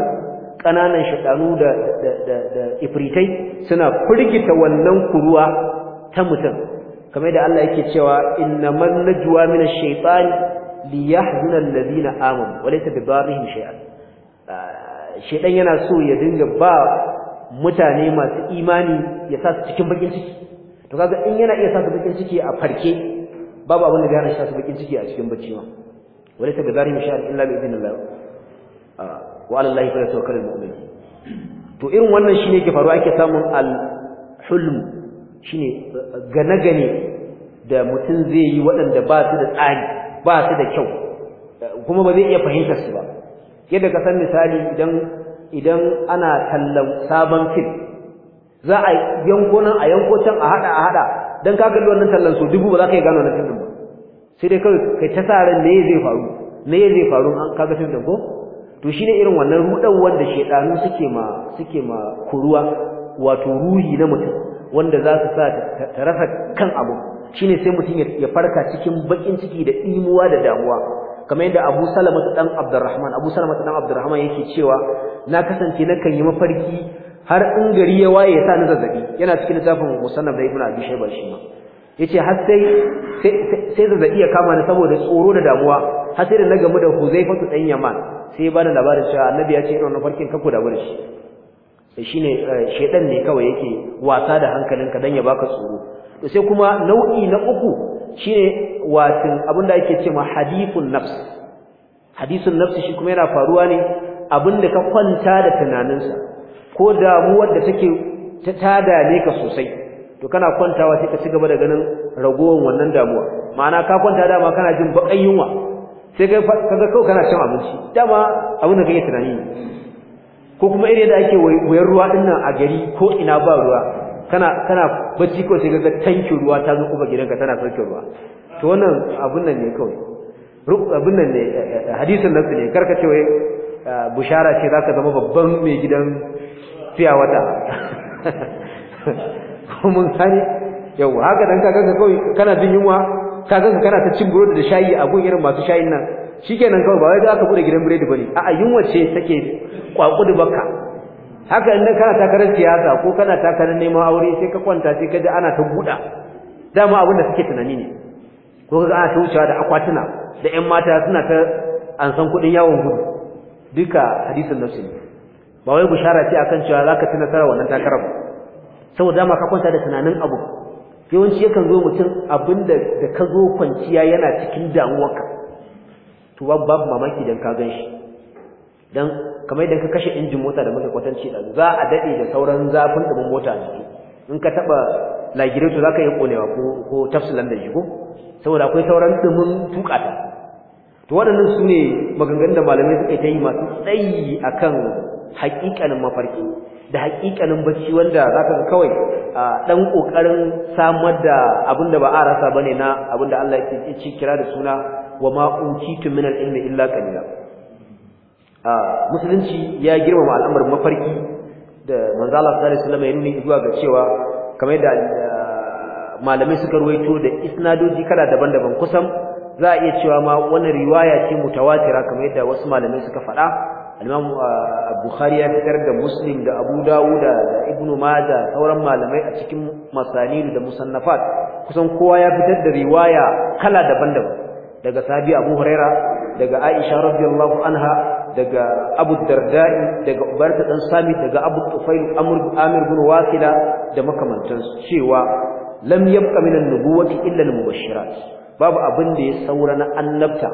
ƙananan shedanu da da da ifritai suna firgita wannan kuruwa ta mutum kamar da Allah yake cewa innaman najwa minash shaitani liyahzuna alladhina amanu wa laysa bidarrihim shay'an Eh, shedan yana so ya dinga ba mutane masu imani ya sa su cikin bakin ciki to kaga in yana iya sa su bakin ciki a farke babu abin da gane sa su bakin ciki a cikin bacci ma wala ta gazari mu sha'al illa bi idnillah eh, wa ala allahi falyatawakkalul mu'min to irin wannan shine ke faruwa ake samun al hulm shine gane gane da mutum zai yi waɗanda ba su da tsari ba su da kyau eh, kuma ba zai iya fahimtar su ba yadda ka san misali idan idan ana tallan sabon fil za a yanko nan a yanko can a hada a hada dan ka kalli wannan tallan so dubu ba za ka yi gano na fil ba sai dai kai kai ta sa ran me zai faru me zai faru an ka fil da ko to shine irin wannan rudan wanda shedanu suke ma suke ma kuruwa wato ruhi na mutum wanda za su sa ta rasa kan abu shine sai mutum ya farka cikin bakin ciki da imuwa da damuwa kamar yadda Abu Salama dan Abdurrahman Abu Salama ɗan Abdurrahman yake cewa na kasance na kan yi mafarki har in gari ya waye ya sa ni zazzabi yana cikin littafin Musannaf da Ibn Abi Shayba shi ma yace har sai sai zazzabi ya kama ni saboda tsoro da damuwa har sai da na gamu da Huzaifatu ɗan Yaman sai ba da labarin cewa Annabi ya ce irin wannan farkin kanku da shi shine eh, shedan ne kawai yake wasa da hankalinka dan ya baka tsoro sai kuma nau'i na uku shine watin abinda ake ma hadithun nafs hadisun nafsi shi kuma yana faruwa ne abinda ka kwanta da tunaninsa ko damuwar da take ta dame ka sosai to kana kwantawa sai ka ci gaba da ganin ragowar wannan damuwa ma'ana ka kwanta dama kana jin bakan yunwa sai kai kaga kawai kana cin abinci dama abin kake tunani ko kuma irin da ake wayar ruwa dinnan a gari ko ina ba ruwa kana kana bacci ko sai ga tankin ruwa ta zo kuma gidanka tana sauke ruwa to wannan abun nan ne kawai abun nan ne eh, eh, eh, hadisin nan ne karka ce wai bushara ce zaka zama babban mai gidan fiya wata mun sani yau haka dan kaga kawai kana jin yunwa kaga kana ta cin burodi da shayi a gun irin masu shayin nan shikenan kawai ba wai da aka bude gidan biredi bane a'a yunwa ce take kwakudu baka haka inda kana takarar siyasa ko kana takarar neman aure sai ka kwanta sai ka ji ana ta buɗa dama abin da suke tunani ne ko ka ga ana ta da akwatuna da 'yan mata suna ta ansan kuɗin yawon gudu duka hadisin nafsi ne ba wai bushara ce akan cewa zaka ci nasara wannan takarar ba saboda dama ka kwanta da tunanin abu yawanci yakan zo mutum abinda da ka zo kwanciya yana cikin damuwarka to babu mamaki dan ka gan shi dan kamar yadda ka kashe injin mota da muka kwatanci da za a dade da sauran zafin dubin mota a in ka taba lagireto zaka yi konewa ko ko tafsilan da shi saboda akwai sauran dumin tukata to waɗannan su ne maganganun da malamai suka ta yi masu tsayi akan haƙiƙanin mafarki da haƙiƙanin bacci wanda zaka ga kawai a dan ƙoƙarin samar da abin da ba a rasa ne na abin da Allah ya ce kira da suna wa ma tu min al-ilmi illa qalila musulunci ya girmama al'amarin mafarki da manzo Allah sallallahu alaihi wasallam ya nuna zuwa ga cewa kamar da ah, malamai suka ruwaito da isnadoji kala daban-daban kusan za a iya cewa ma wannan riwaya ce mu mutawatira kamar yadda wasu malamai suka faɗa al-Imam ah, Bukhari ya fitar da Muslim da Abu Dawud da Ibn Majah sauran malamai a cikin masanid da musannafat kusan kowa ya fitar da riwaya kala daban-daban daga sahabi Abu Huraira daga Aisha radiyallahu anha daga Abu Darda'i daga Ubarta dan Sami daga Abu Tufail Amr Amir bin Waqila da makamantansu cewa lam yabqa min an-nubuwati illa al-mubashirat babu abin da ya saura na annabta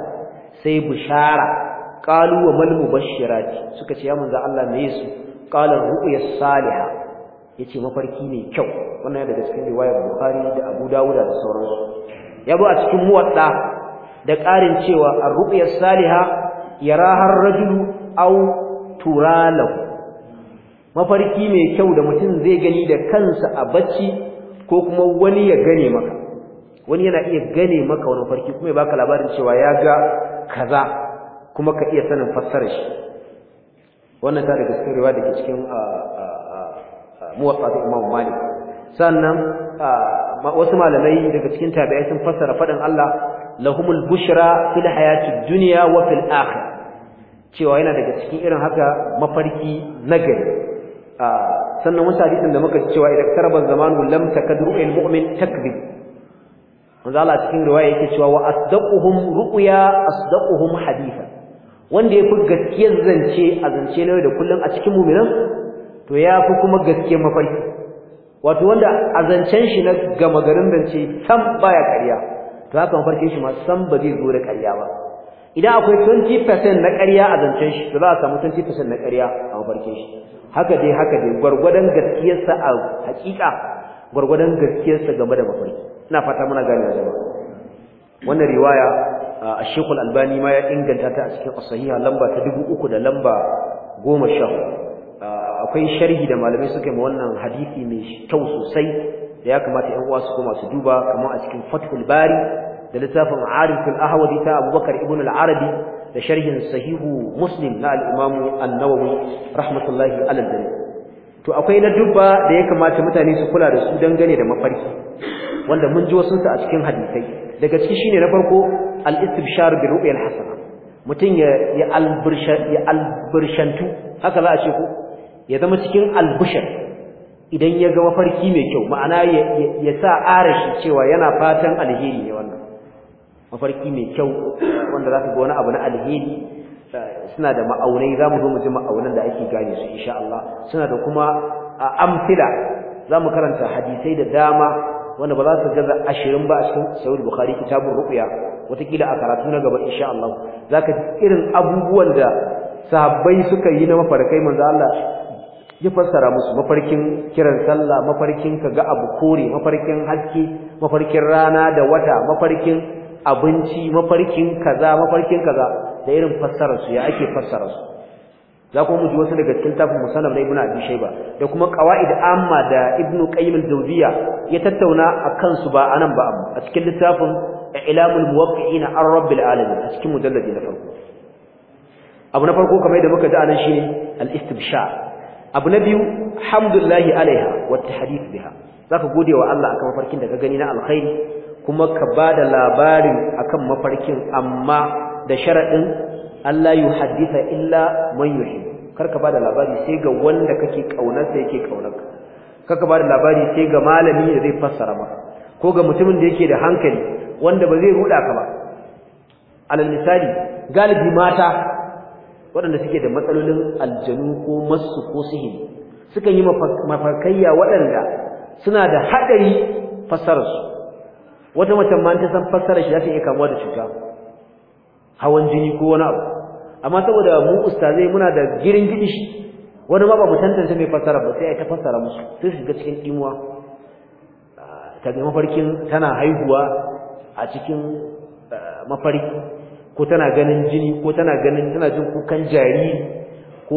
sai bishara qalu wa mal mubashirat suka ce ya manzo Allah ne yesu qala ru'ya salihah yace mafarki ne kyau wannan daga cikin riwayar Bukhari da Abu Dawud da sauransu yabo a cikin muwatta da ƙarin cewa ar-ru'ya salihah yarahar rajulu aw turalahu mafarki mai kyau da mutum zai gani da kansa a bacci ko kuma wani ya gane maka wani yana iya gane maka wani farki kuma ya baka labarin cewa ya ga kaza kuma ka iya sanin fassarar shi wannan ta daga cikin riwaya dake cikin ah, ah, ah, muwaffaq Imam Malik sannan wasu malamai daga cikin tabi'ai sun fassara fadin Allah lahumul bushra fil hayatid dunya wa fil akhirah cewa yana daga cikin irin haka mafarki nagari sannan wasu hadisin da muka cewa idan tarban zamanu lam takad ru'yal mu'min takdhib manzo Allah cikin riwaya yake cewa wa asdaquhum ru'ya asdaquhum hadithan wanda yafi gaskiyar zance a zance na yau da kullun a cikin mu'minan to yafi kuma gaskiyar mafarki wato wanda a zancen shi na gama garin zance sam baya ƙarya to haka mafarkin shi ma sam ba zai zo da ƙarya ba idan akwai 20% na ƙarya a zancen shi to za a samu 20% na ƙarya a mafarkin shi haka dai haka dai gaskiyar sa a hakika gaskiyar sa game da mafarki ina fata muna gane da jama'a wannan riwaya a Sheikhul Albani ma ya inganta ta a cikin sahiha lamba ta 3000 da lamba 10 akwai sharhi da malamai suka yi ma wannan hadisi mai kyau sosai da ya kamata ƴan uwa su koma su duba kamar a cikin Fathul Bari da littafin Ariful Ahwadi ta Abubakar ibn al-Arabi da sharhin Sahihu Muslim na al-Imam An-Nawawi rahmatullahi alal to akwai na dubba da ya kamata mutane su kula da su dangane da mafarki wanda mun ji wasu a cikin hadisai daga ciki shine na farko al-istibshar bi ru'yal hasana mutum ya ya albirshantu haka za a ce ku ya zama cikin albushan idan ya ga mafarki mai kyau ma'ana ya sa arashi cewa yana fatan alheri ne wannan mafarki mai kyau wanda za ka ga wani abu na alheri suna da ma'aunai za mu zo mu ji ma'aunan da ake gane su insha Allah suna da kuma amfila za mu karanta hadisai da dama wanda ba za su gaza ashirin ba a cikin sahih bukhari kitabun ruqya Wataƙila a karatu na gaba insha Allah za ka ji irin abubuwan da sahabbai suka yi na mafarkai manzo Allah ya fassara musu mafarkin kiran sallah mafarkin kaga abu kore mafarkin haske mafarkin rana da wata mafarkin abinci mafarkin kaza mafarkin kaza da irin fassarar su ya ake fassararsu? su za ku muji wasu daga cikin tafin musannaf na ibnu abi shayba da kuma qawaid amma da ibnu qayyim al ya tattauna akan su ba anan ba a cikin littafin ilamul muwaqqi'ina an rabbil alamin a cikin mujalladi na farko abu na farko kamar yadda muka ji anan shine al-istibshar abu na biyu hamdulillahi alaiha wa tahdith biha zaka gode wa Allah akan farkin da ka gani na alkhairi kuma ka ba da labarin akan mafarkin amma da sharaɗin Allah yi haddisa illa man yuhi kar ka ba da labari sai ga wanda kake ƙaunarsa yake ƙaunarka kar ka ba da labari sai ga malami da zai fassara maka ko ga mutumin da yake da hankali wanda ba zai ruda ka ba alal misali galibi mata waɗanda suke da matsalolin aljanu ko masu ko sihiri sukan yi mafarkayya waɗanda suna da haɗari fassararsu wata mace ma ta san fassara shi za ta iya kamuwa da cuta hawan jini ko wani abu amma saboda mu ustazai muna da girin shi, wani ma ba mu tantance mai fassara ba sai ai ta fassara musu sai su shiga cikin dimuwa ta ga mafarkin tana haihuwa a cikin eh, mafarki ko tana ganin jini ko tana ganin tana jin kukan jari, ko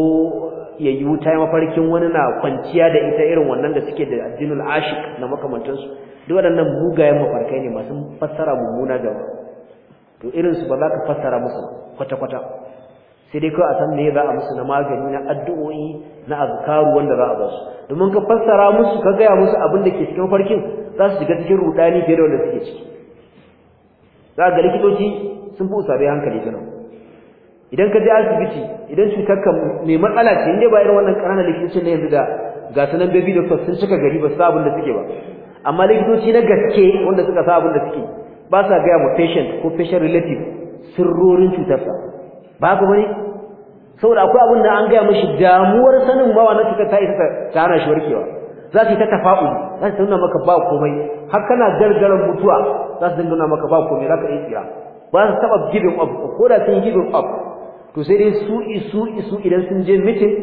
ya yayyu ta mafarkin wani na kwanciya da ita irin wannan da suke da addinul ashik na makamantansu duk waɗannan mugayen mafarkai ne masu fassara mummuna da to irinsu ba za ka fassara musu kwata-kwata sai dai kawai a san me za a musu na magani na addu'o'i na azkaru wanda za a ba su domin ka fassara musu ka gaya musu abin da ke cikin farkin za su shiga cikin rudani fiye da wanda suke ciki za ga likitoci sun fi usabe hankali kana idan ka je asibiti idan cutar ka mai matsala ce inda ba irin wannan ƙananan likitocin na yanzu da ga sanan baby doctor sun cika gari ba su abin da suke ba amma likitoci na gaske wanda suka sa abin da suke ba sa gaya mu patient ko patient relative sirrorin cutarsa ba ka bane saboda akwai abin da an gaya mashi damuwar sanin bawa na cutar ta isa ta hana shi warkewa za su yi ta tafa'u za su nuna maka ba komai har kana gargaran mutuwa za su nuna maka ba komai za ka iya tsira ba su taɓa giving up ko da sun giving up to sai dai su isu isu idan sun je meeting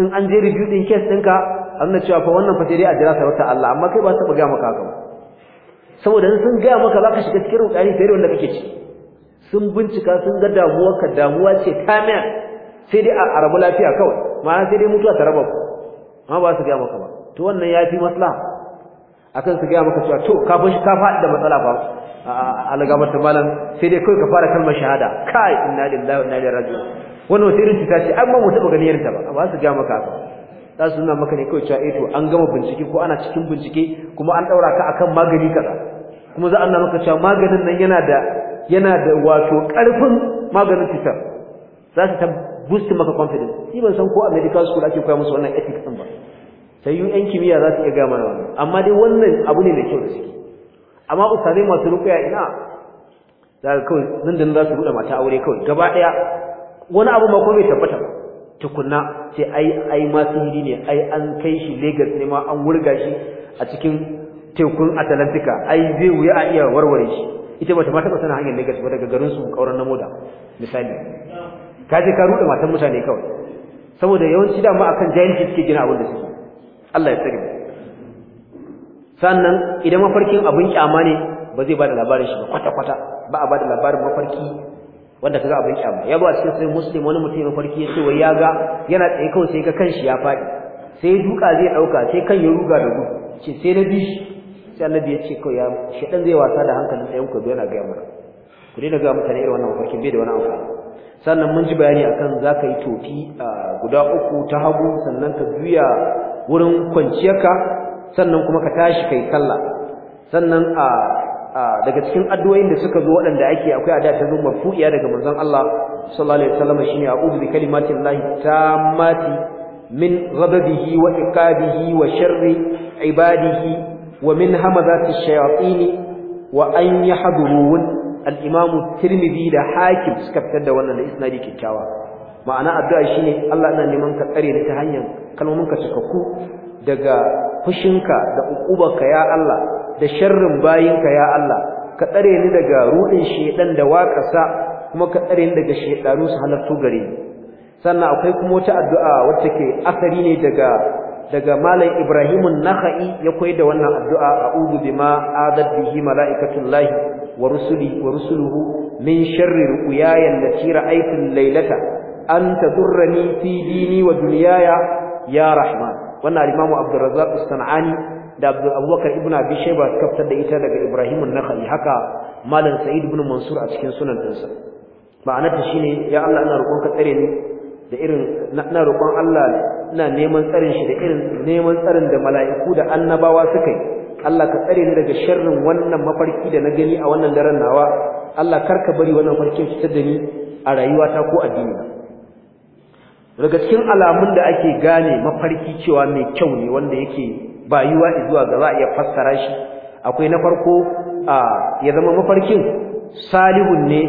in an je review din case ɗinka an cewa fa wannan fa sai dai a jira sarauta Allah amma kai ba ta buga maka haka ba saboda sun gaya maka zaka shiga cikin rukani sai dai wanda kake ci sun bincika sun ga damuwar ka damuwa ce mai sai dai a rabu lafiya kawai ma'ana sai dai mutuwa ta raba ku amma ba su gaya maka ba to wannan ya fi maslaha akan su gaya maka cewa to ka fashi ka faɗi da matsala ba A algamar ta malam sai dai kai ka fara kalmar shahada kai inna lillahi wa inna ilaihi raji'un wannan wasirin ta ce amma mutum ga niyyar ta ba ba su gaya maka haka za su nuna maka ne kawai cewa eto eh, an gama bincike ko ana cikin bincike kuma an daura ka akan magani kaza kuma za a nuna maka cewa maganin nan yana da yana da wato karfin maganin cutar za su ta boost maka confidence shi ban san ko a medical school ake koya musu wannan ethics din ba sai yun yan kimiyya za su iya gaya mana wannan amma dai wannan abu ne mai kyau da suke amma usane masu rukuya ina za ka kawai nan da za su buɗe mata aure kawai gaba ɗaya wani abu ma ko bai tabbata ba tukunna sai ai ai ma ne ai an kai shi Lagos ne ma an wurga shi a cikin tekun Atlantika ai zai wuya a iya warware shi ita bata ma taba sanin hanyar Lagos ba daga garin su kauran na moda misali ka je ka rude matan mutane kawai saboda yawanci da mu akan jahilci suke gina abin da suke Allah ya tsare mu sannan idan mafarkin abun kyama ne ba zai ba da labarin shi ba kwata kwata ba a ba da labarin mafarki wanda kaga abin kyama ya ba cikin sai muslim wani mutum ya farki ya ce wai ya ga yana tsaye kawai sai ka kanshi ya faɗi sai duka zai dauka sai kan ya ruga da gudu ce sai na bishi sai Allah ya ce kawai ya shedan zai wasa da hankalin sai ku yana ga mana ku dai daga mutane irin wannan farkin bai da wani amfani sannan mun ji bayani akan zaka yi tofi guda uku ta hagu sannan ka juya wurin kwanciyarka sannan kuma ka tashi kai sallah sannan a daga cikin addu'o'in da suka zo waɗanda ake akwai ada ta zo marfu'iya daga manzon Allah sallallahu alaihi wasallam shine a'udhu bi kalimatin llahi tammati min ghadabihi wa iqabihi wa sharri ibadihi wa min hamazati shayatin wa an yahdurun al-imamu tirmidhi da hakim suka fitar da wannan da isnadi kikkiawa ma'ana addu'a shine Allah ina neman ka tsare ta hanyar kalmominka cikakku daga fushinka da ukubarka ya Allah da sharrin bayinka ya Allah ka tsare ni daga ruɗin shedan da waƙasa kuma ka tsare ni daga shedanu su halartu gare ni sannan akwai kuma wata addu'a wacce ke asari ne daga daga malam Ibrahim an-Nakhai ya koyar da wannan addu'a a'udhu bima adat bihi malaikatullahi wa rusuli wa rusuluhu min sharri ru'yaya allati ra'aytu laylata an durrani fi dini wa dunyaya ya rahman wannan al-imamu Abdurrazzaq as-San'ani da abubakar ibn abi shayba suka fitar da ita daga ibrahim an-nakhai haka malam sa'id ibn mansur a cikin sunan dinsa ma'ana ta shine ya Allah ina roƙon ka tsare ni da irin ina roƙon Allah ina neman tsarin shi da irin neman tsarin da mala'iku da annabawa suka yi Allah ka tsare ni daga sharrin wannan mafarki da na gani a wannan daren nawa Allah kar ka bari wannan mafarkin fitar da ni a rayuwata ko addini daga cikin alamun da ake gane mafarki cewa mai kyau ne wanda yake ba yiwa zuwa ga za a iya fassara shi akwai na farko ya zama mafarkin salihun ne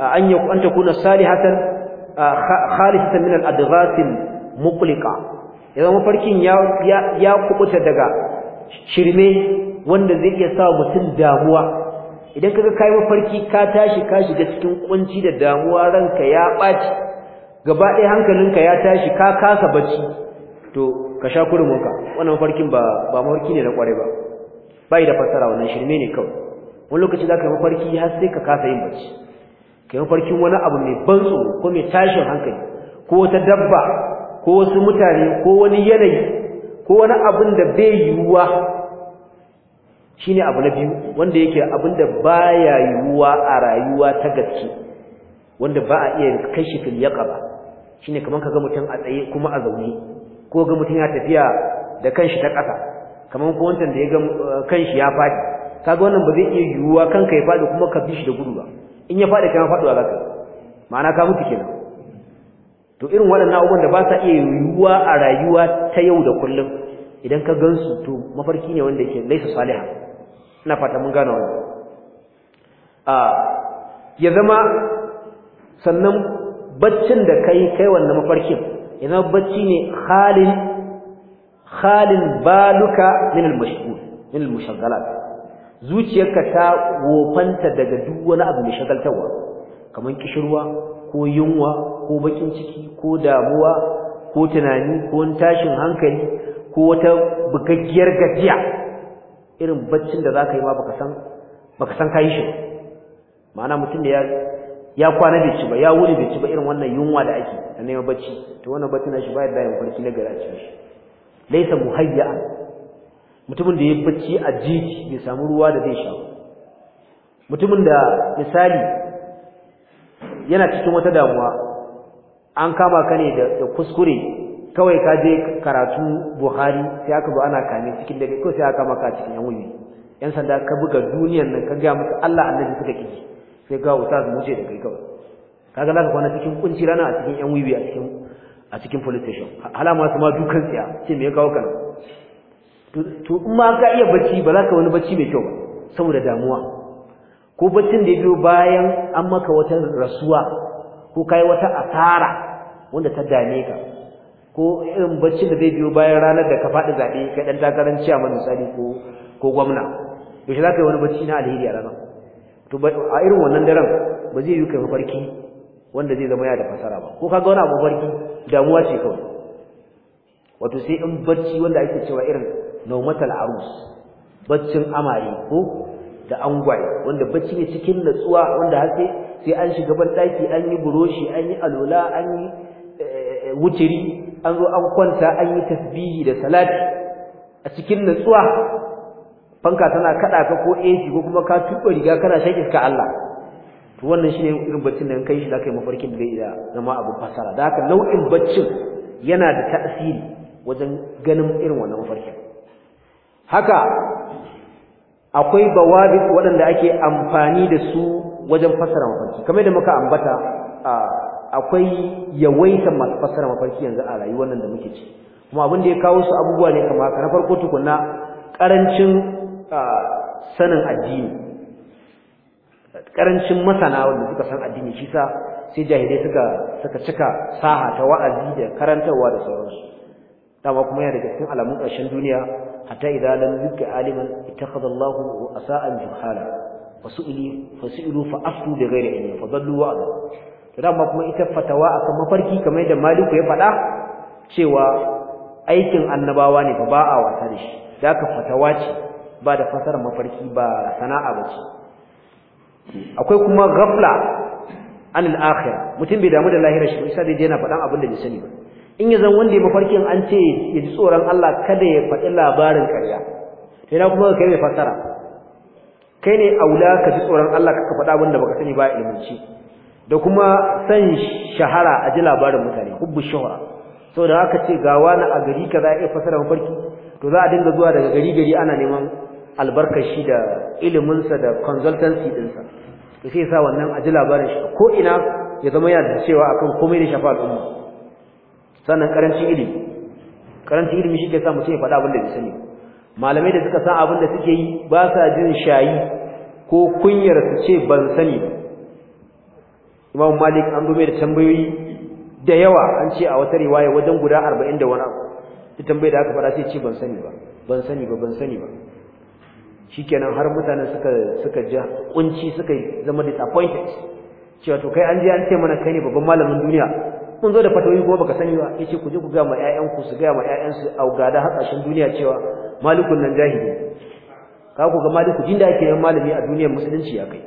an yi kwanta kuna salihatan khalisatan min al-adghasil muqliqa ya zama mafarkin ya ya kubuta daga shirme wanda zai iya sa mutum damuwa idan kaga kai mafarki ka tashi ka shiga cikin kunci da damuwa ranka ya baci gaba ɗaya hankalinka ya tashi ka kasa bacci to ka sha kurminka wannan farkin ba ba mafarki ne na kware ba bai da fassara wannan shirme ne kawai wani lokaci za ka yi mafarki har sai ka kasa yin bacci ka yi mafarkin wani abu mai ban tsoro ko mai tashin hankali ko wata dabba ko wasu mutane ko wani yanayi ko wani abin da bai yiwuwa shine abu na biyu wanda yake abin da baya yiwuwa a rayuwa ta gaske wanda ba a iya kai shi fil yaqaba shine ka kaga mutum a tsaye kuma a zaune ko ga mutum ya tafiya da kanshi ta ƙasa kamar ko wancan da ya ga eh, kanshi ya faɗi kaga wannan ba zai iya yiwuwa kanka ya faɗi kuma ka bi shi da gudu ba in ya faɗi kana faɗuwa zaka ma'ana ka mutu kenan to irin waɗannan abubuwan da ba sa iya yiwuwa a rayuwa ta yau da kullum idan ka gansu to mafarki ne wanda yake laisa saliha ina fata mun gane wannan a ah, ya zama sannan baccin da kai kai wannan mafarkin ina bacci ne halin khalin baluka min al-mashghul min al-mushaghalat zuciyarka ta wofanta daga duk wani abu mai shagaltarwa kaman kishirwa ko yunwa ko bakin ciki ko damuwa ko tunani ko tashin hankali ko wata bugaggiyar gajiya irin baccin da zaka yi ma baka san baka san kai shi ma'ana mutum da ya ya kwana bai ci ba ya wuri bai ci ba irin wannan yunwa da ake da neman bacci to wannan bacci na shi ba yadda yin farki na gara ci shi laisa muhayya mutumin da ya bacci a jiki bai samu ruwa da zai sha mutumin da misali yana cikin wata damuwa an kama ka ne da kuskure kawai ka je karatu Buhari sai aka zo ana kame cikin dare ko sai aka maka cikin yan wuyi yan sanda ka buga duniyan nan ka ga musu Allah annabi suka kike sai ga wuta mu ce da kai kawai kaga zaka kwana cikin kunci rana a cikin yan wiwi a cikin a cikin police station halama su ma dukan tsiya ce me ya kawo kana to in ma ka iya bacci ba za ka wani bacci mai kyau ba saboda damuwa ko baccin da ya biyo bayan an maka wata rasuwa ko kai wata asara wanda ta dame ka ko irin baccin da zai biyo bayan ranar da ka faɗi zaɓe kai ɗan takarar ciyaman misali ko ko gwamna yaushe za ka yi wani bacci na alheri a ranar to a irin wannan daren ba zai yi kai mafarki wanda zai zama ya da fasara ba ko kaga wani abu mafarki damuwa ce kawai wato sai in bacci wanda ake cewa irin naumatal arus baccin amare ko da angwaye wanda bacci ne cikin natsuwa wanda har sai an shiga ban daki an yi buroshi an yi alola an yi eh, eh, wuciri an zo an kwanta an yi tasbihi da salati a cikin natsuwa fanka tana kada ka ko AC ko kuma ka tuba riga kana shaki ka Allah to wannan shine irin baccin da kai shi da kai mafarkin da zama abu fasara da haka nau'in baccin yana da tasiri wajen ganin irin wannan mafarkin haka akwai bawabi waɗanda ake amfani da su wajen fasara mafarki kamar da muka ambata akwai yawaita masu fasara mafarki yanzu a rayuwar nan da muke ci kuma abin da ya kawo su abubuwa ne kamar na farko tukunna karancin sanin addini karancin masana wanda suka san addini shi sa sai jahilai suka suka cika saha ta wa'azi da karantarwa da sauransu dama kuma yana daga cikin alamun ƙarshen duniya hatta idan lam yubqa aliman ittakhadha Allahu asa'an jahala fasu'ili fasu'ilu fa aftu bi ghairi ilmi fa dallu wa to dama kuma ita fatawa akan mafarki kamar yadda Maliku ya faɗa cewa aikin annabawa ne fa ba a wasa da shi zaka fatawa ce ba da fasarar mafarki ba sana'a ba ce akwai kuma ghafla an al mutum bai damu da lahira shi isa dai yana faɗan abin da bai sani ba in ya zan wanda mafarkin an ce ya ji tsoron Allah kada ya faɗi labarin ƙarya sai na kuma kai mai fasara kai ne aula ka ji tsoron Allah ka faɗa abin da baka sani ba ilminci da kuma san shahara a ji labarin mutane hubbu shahara saboda haka ce ga wani a gari kaza iya fasara mafarki to za a dinga zuwa daga gari gari ana neman albarkar shi da iliminsa da consultancy ɗinsa da sai sa wannan a ji labarin shi ko ina ya zama yana da cewa akan komai da shafa al'umma sannan karancin ilimi karancin ilimi shi ke sa mutum ya faɗa abin da bai sani malamai da suka san abin da suke yi ba sa jin shayi ko kunyar su ce ban sani ba imam malik an dume da tambayoyi da yawa an ce a wata riwaya wajen guda arba'in da wani abu ta tambayi da aka faɗa sai ce ban sani ba ban sani ba ban sani ba shikenan har mutane suka suka ji kunci suka zama disappointed cewa to kai an je an ce mana kai ne babban malamin duniya kun zo da fatawi kuma baka sani ba yace ku je ku ga ma ƴaƴan ku su ga ma ƴaƴan su au gada hasashen duniya cewa malikun nan jahili ka ku ga maliku jinda ake yin malami a duniyar musulunci akai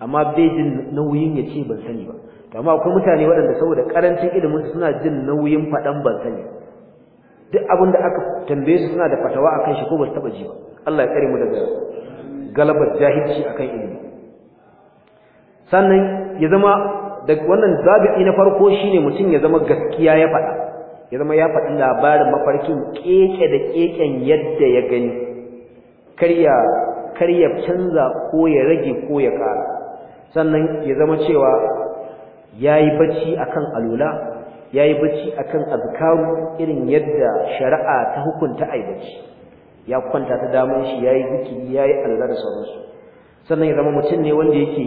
amma bai jin nauyin ya ce ban sani ba to amma akwai mutane waɗanda saboda karancin ilimin suna jin nauyin faɗan ban sani duk abin da aka tambaye su suna da fatawa akan shi ko ba su taba ji ba Allah ya kare mu daga galabar jahilci akan ilimi sannan ya zama da wannan zabi'i na farko shine mutum ya zama gaskiya ya faɗa ya zama ya faɗi labarin mafarkin keke da keken yadda ya gani karya karya canza ko ya rage ko ya ƙara sannan ya zama cewa yayi bacci akan alula yayi bacci akan azkaru irin yadda shari'a ta hukunta ai bacci ya kwanta ta damar shi yayi zikiri yayi Allah da sauransu sannan ya zama mutum ne wanda yake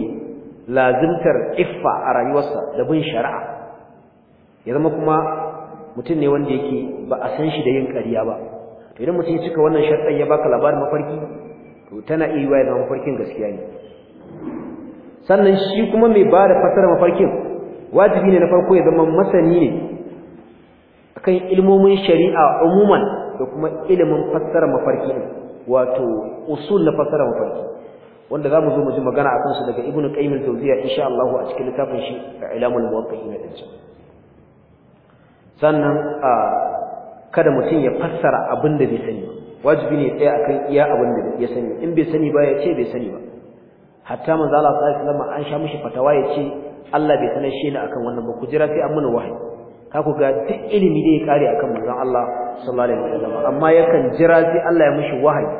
lazimtar iffa a rayuwarsa da bin shari'a ya zama kuma mutum ne wanda yake ba a san shi da yin ƙarya ba to idan mutum ya cika wannan sharɗan ya baka labarin mafarki to tana iya yiwa ya zama mafarkin gaskiya ne sannan shi kuma mai ba da fasara mafarkin wajibi ne na farko ya zama masani ne akan ilmomin shari'a umuman da kuma ilimin fassara mafarki wato usul na fassara mafarki wanda zamu zo mu ji magana akan su daga ibnu qayyim al-jawziya insha Allah a cikin littafin shi ilamul muwaqqi'in din sannan kada mutum ya fassara abin da bai sani ba wajibi ne tsaya akan iya abin da ya sani in bai sani ba ya ce bai sani ba hatta manzo Allah sallallahu alaihi wasallam an sha mishi fatawa ya ce Allah bai sanar shi ne akan wannan ba ku jira sai an mana wahayi ka ku ga duk ilimi da ya kare akan manzon Allah sallallahu alaihi wasallam amma yakan jira sai Allah ya mishi wahayi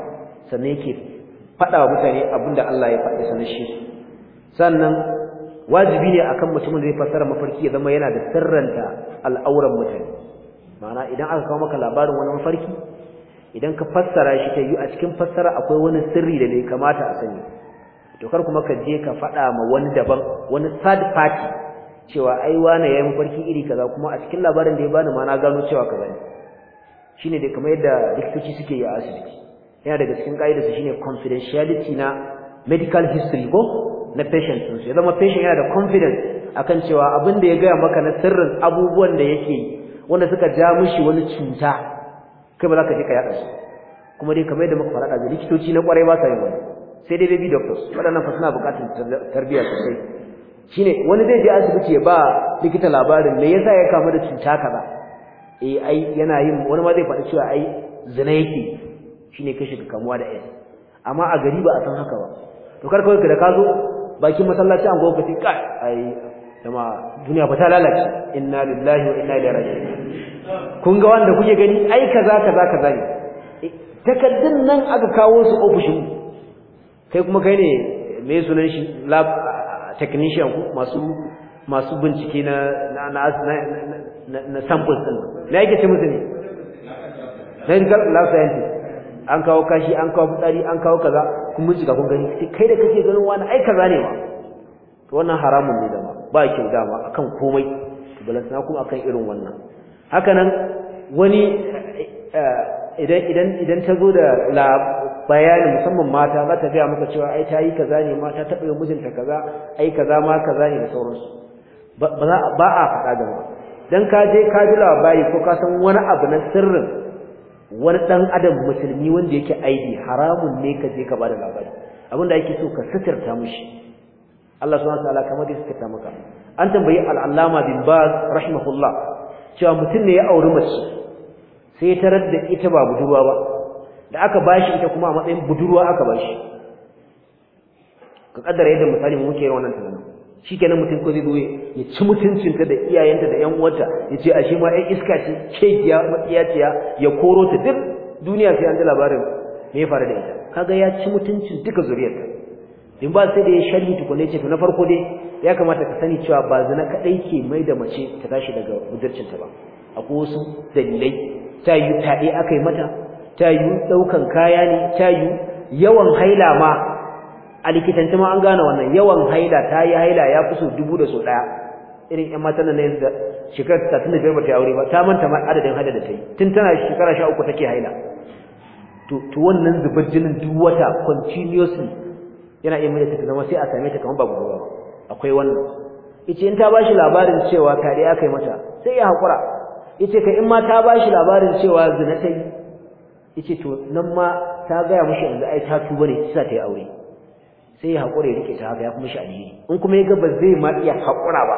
sannan yake fada wa mutane abinda Allah ya faɗi sanin shi sannan wajibi ne akan mutumin da zai fassara mafarki ya zama yana da sirranta al'auran mutane ma'ana idan aka kawo maka labarin wani mafarki idan ka fassara shi ta yi a cikin fassara akwai wani sirri da bai kamata a sani to kar kuma ka je ka faɗa ma wani daban wani third party cewa ai wani yayin farki iri kaza kuma a cikin labarin da ya bani ma na gano cewa kaza ne shine da kamar yadda likitoci suke yi a asibiti yana daga cikin kaidarsu shine confidentiality na medical history ko na patient su ya zama patient yana da confidence akan cewa abin da ya gaya maka na sirrin abubuwan da yake wanda suka ja mishi wani cuta kai ba za ka je ka yaɗa su kuma dai kamar yadda muka faɗa da likitoci na kwarai ba sa yin wani sai dai baby doctors waɗannan fa suna buƙatar tarbiyya sosai shine wani zai je asibiti ya ba likita labarin me yasa ya kama da cuta kaza eh ai yana yin wani ma zai faɗi cewa ai zina yake shine kashe shiga kamuwa da AIDS amma a gari ba a san haka ba to kar kawai da ka zo bakin masallaci an gobe ka kai ai dama duniya ba ta lalace inna lillahi wa inna ilaihi raji'un kun ga wanda kuke gani ai kaza kaza kaza ne eh, takaddun nan aka kawo su ofishin kai kuma kai ne me sunan shi lab technician ku masu masu bincike na na na na samples din me yake ce musu ne medical lab scientist an kawo kashi an kawo fitsari an kawo kaza kun bincika kun gani sai kai da kake ganin wani ai kaza ne ma to wannan haramun ne da ba kyau dama akan komai balantana kuma akan irin wannan haka nan wani eh, idan idan idan ta zo da bayani musamman mata za ta gaya maka cewa ai ta yi kaza ne mata ta ɓoye mijinta kaza ai kaza ma kaza ne da sauransu ba a faɗa da ba. dan ka je ka ji labari ko ka san wani abu na sirrin wani ɗan adam musulmi wanda yake aidi haramun ne ka je ka bada labari abin yake so ka sitirta mushi Allah subhanahu wataala kamar da sitirta maka an tambayi al'allama bin baz rahimahullah cewa mutum ne ya auri mace sai ya tarar da ita ba budurwa ba da aka bashi ita kuma a matsayin budurwa aka bashi ka kaddara yadda misali mu muke wannan tunanin shikenan mutum ko zai zo ya ci mutuncin ta da iyayenta da yan uwarta ya ce ashe ma yan iska ce kegiya ce ya koro ta duk duniya sai an ji labarin me ya faru da ita kaga ya ci mutuncin duka zuriyarta in ba sai da ya sharhi tukunne ce to na farko dai ya kamata ka sani cewa ba zina kadai ke mai da mace ta tashi daga budurcinta ba akwai wasu dalilai ta yi aka yi mata ta yi ɗaukan kaya ne ta yi yawan haila ma a likitanci ma an gane wannan yawan haila ta yi haila ya fi so dubu da so ɗaya irin ƴan matan nan yanzu da shekarar talatin da biyar ba ta aure ba ta manta ma adadin haila da ta yi tun tana shekara sha uku take haila to to wannan zubar jinin duk wata continuously yana iya mai ta zama sai a same ta kamar ba gobe ba akwai wannan ice in ta bashi labarin cewa kare aka yi mata sai ya haƙura ice ka in ma ta bashi labarin cewa zina ta yi yace to nan ma ta gaya mashi yanzu ai ta tuba ne kisa ta yi aure sai ya haƙura ya rike ta haka ya kuma shi alheri in kuma ya ga ba zai ma iya haƙura ba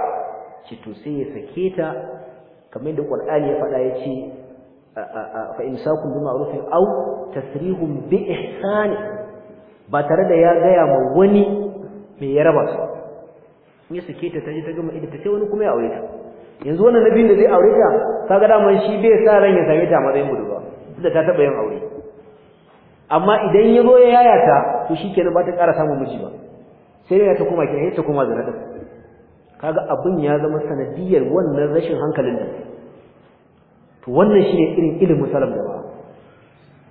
ce to sai ya sake ta kamar yadda Qur'ani ya faɗa ya ce fa imsakun bi ma'rufin aw tasrihum bi ihsan ba tare da ya gaya ma wani me ya raba su in ya sake ta taje ta gama idan ta sai wani kuma ya aure ta yanzu wannan nabin da zai aure ta kaga daman shi bai sa ran ya same ta matsayin budurwa da ta taɓa yin aure amma idan ya ya yayata to shikenan ba ta ƙara samun miji ba sai ya ta koma kenan ta koma zina ɗin kaga abin ya zama sanadiyar wannan rashin hankalin da to wannan shi ne irin ilimin salam da ba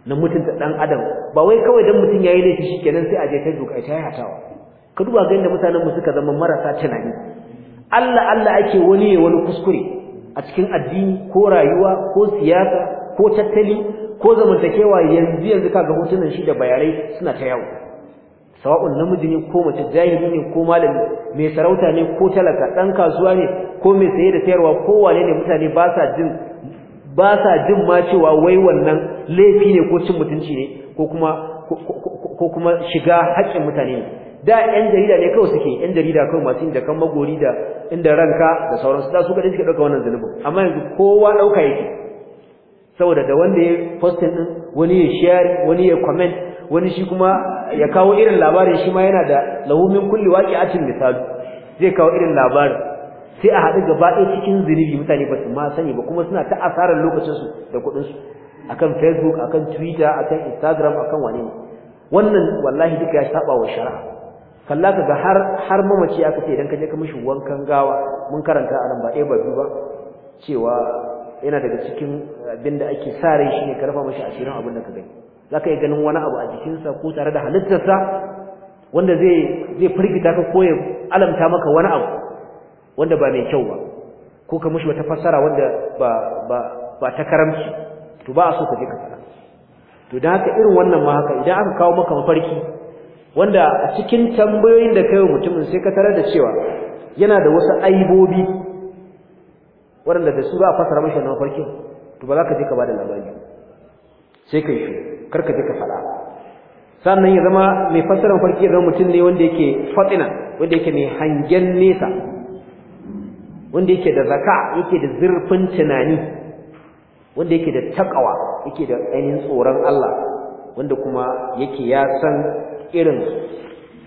na mutunta ɗan adam ba wai kawai dan mutum yayi ne shikenan sai a je kai duka ta hatawa ka duba ga inda mutanen mu suka zama marasa tunani Allah Allah ake wani ne wani kuskure a cikin addini ko rayuwa ko siyasa ko tattali ko zamantakewa yanzu yanzu kaga hotunan shi da bayarai suna ta yawo sawa'un namiji ne ko mace jahili ne ko malami mai sarauta ne ko talaka dan kasuwa ne ko mai saye da sayarwa ko wane ne mutane ba sa jin ba sa jin ma cewa wai wannan laifi ne ko cin mutunci ne ko kuma ko kuma shiga haƙƙin mutane ne da 'yan jarida ne kawai suke 'yan jarida kawai masu da kan magori da inda ranka da sauransu da su kaɗai suke ɗauka wannan zunubin amma yanzu kowa ɗauka yake saboda da wanda ya posting din wani ya share wani ya comment wani shi kuma ya kawo irin labarin shi ma yana da lahu min kulli waqi'atin misal zai kawo irin labarin sai a haɗu gaba ɗaya cikin zinubi mutane ba su ma sani ba kuma suna ta asarar lokacin su da su akan facebook akan twitter akan instagram akan wane wannan wallahi duka ya saba wa shari'a kalla ga har har mamaci aka ce idan ka je ka mishi wankan gawa mun karanta a nan ba ɗaya ba biyu ba cewa yana daga cikin abinda ake sa rai ne ka rufa mashi asirin abin da ka gani zaka iya ganin wani abu a jikinsa ko tare da halittarsa wanda zai zai firgita ka ko ya alamta maka wani abu wanda ba mai kyau ba ko ka mushi wata fassara wanda ba ba ba ta karamci to ba a so ka je ka fara to dan haka irin wannan ma haka idan aka kawo maka mafarki wanda a cikin tambayoyin da kai mutumin sai ka tarar da cewa yana da wasu aibobi waɗanda da su ba a fasara mashi na farki, to ba za ka je ka ba da labari sai ka yi kar ka je ka faɗa sannan ya zama mai fasara farki ya zama mutum ne wanda yake fatsina, wanda yake mai hangen nesa wanda yake da zaka yake da zurfin tunani wanda yake da takawa yake da ainihin tsoron Allah wanda kuma yake ya san irin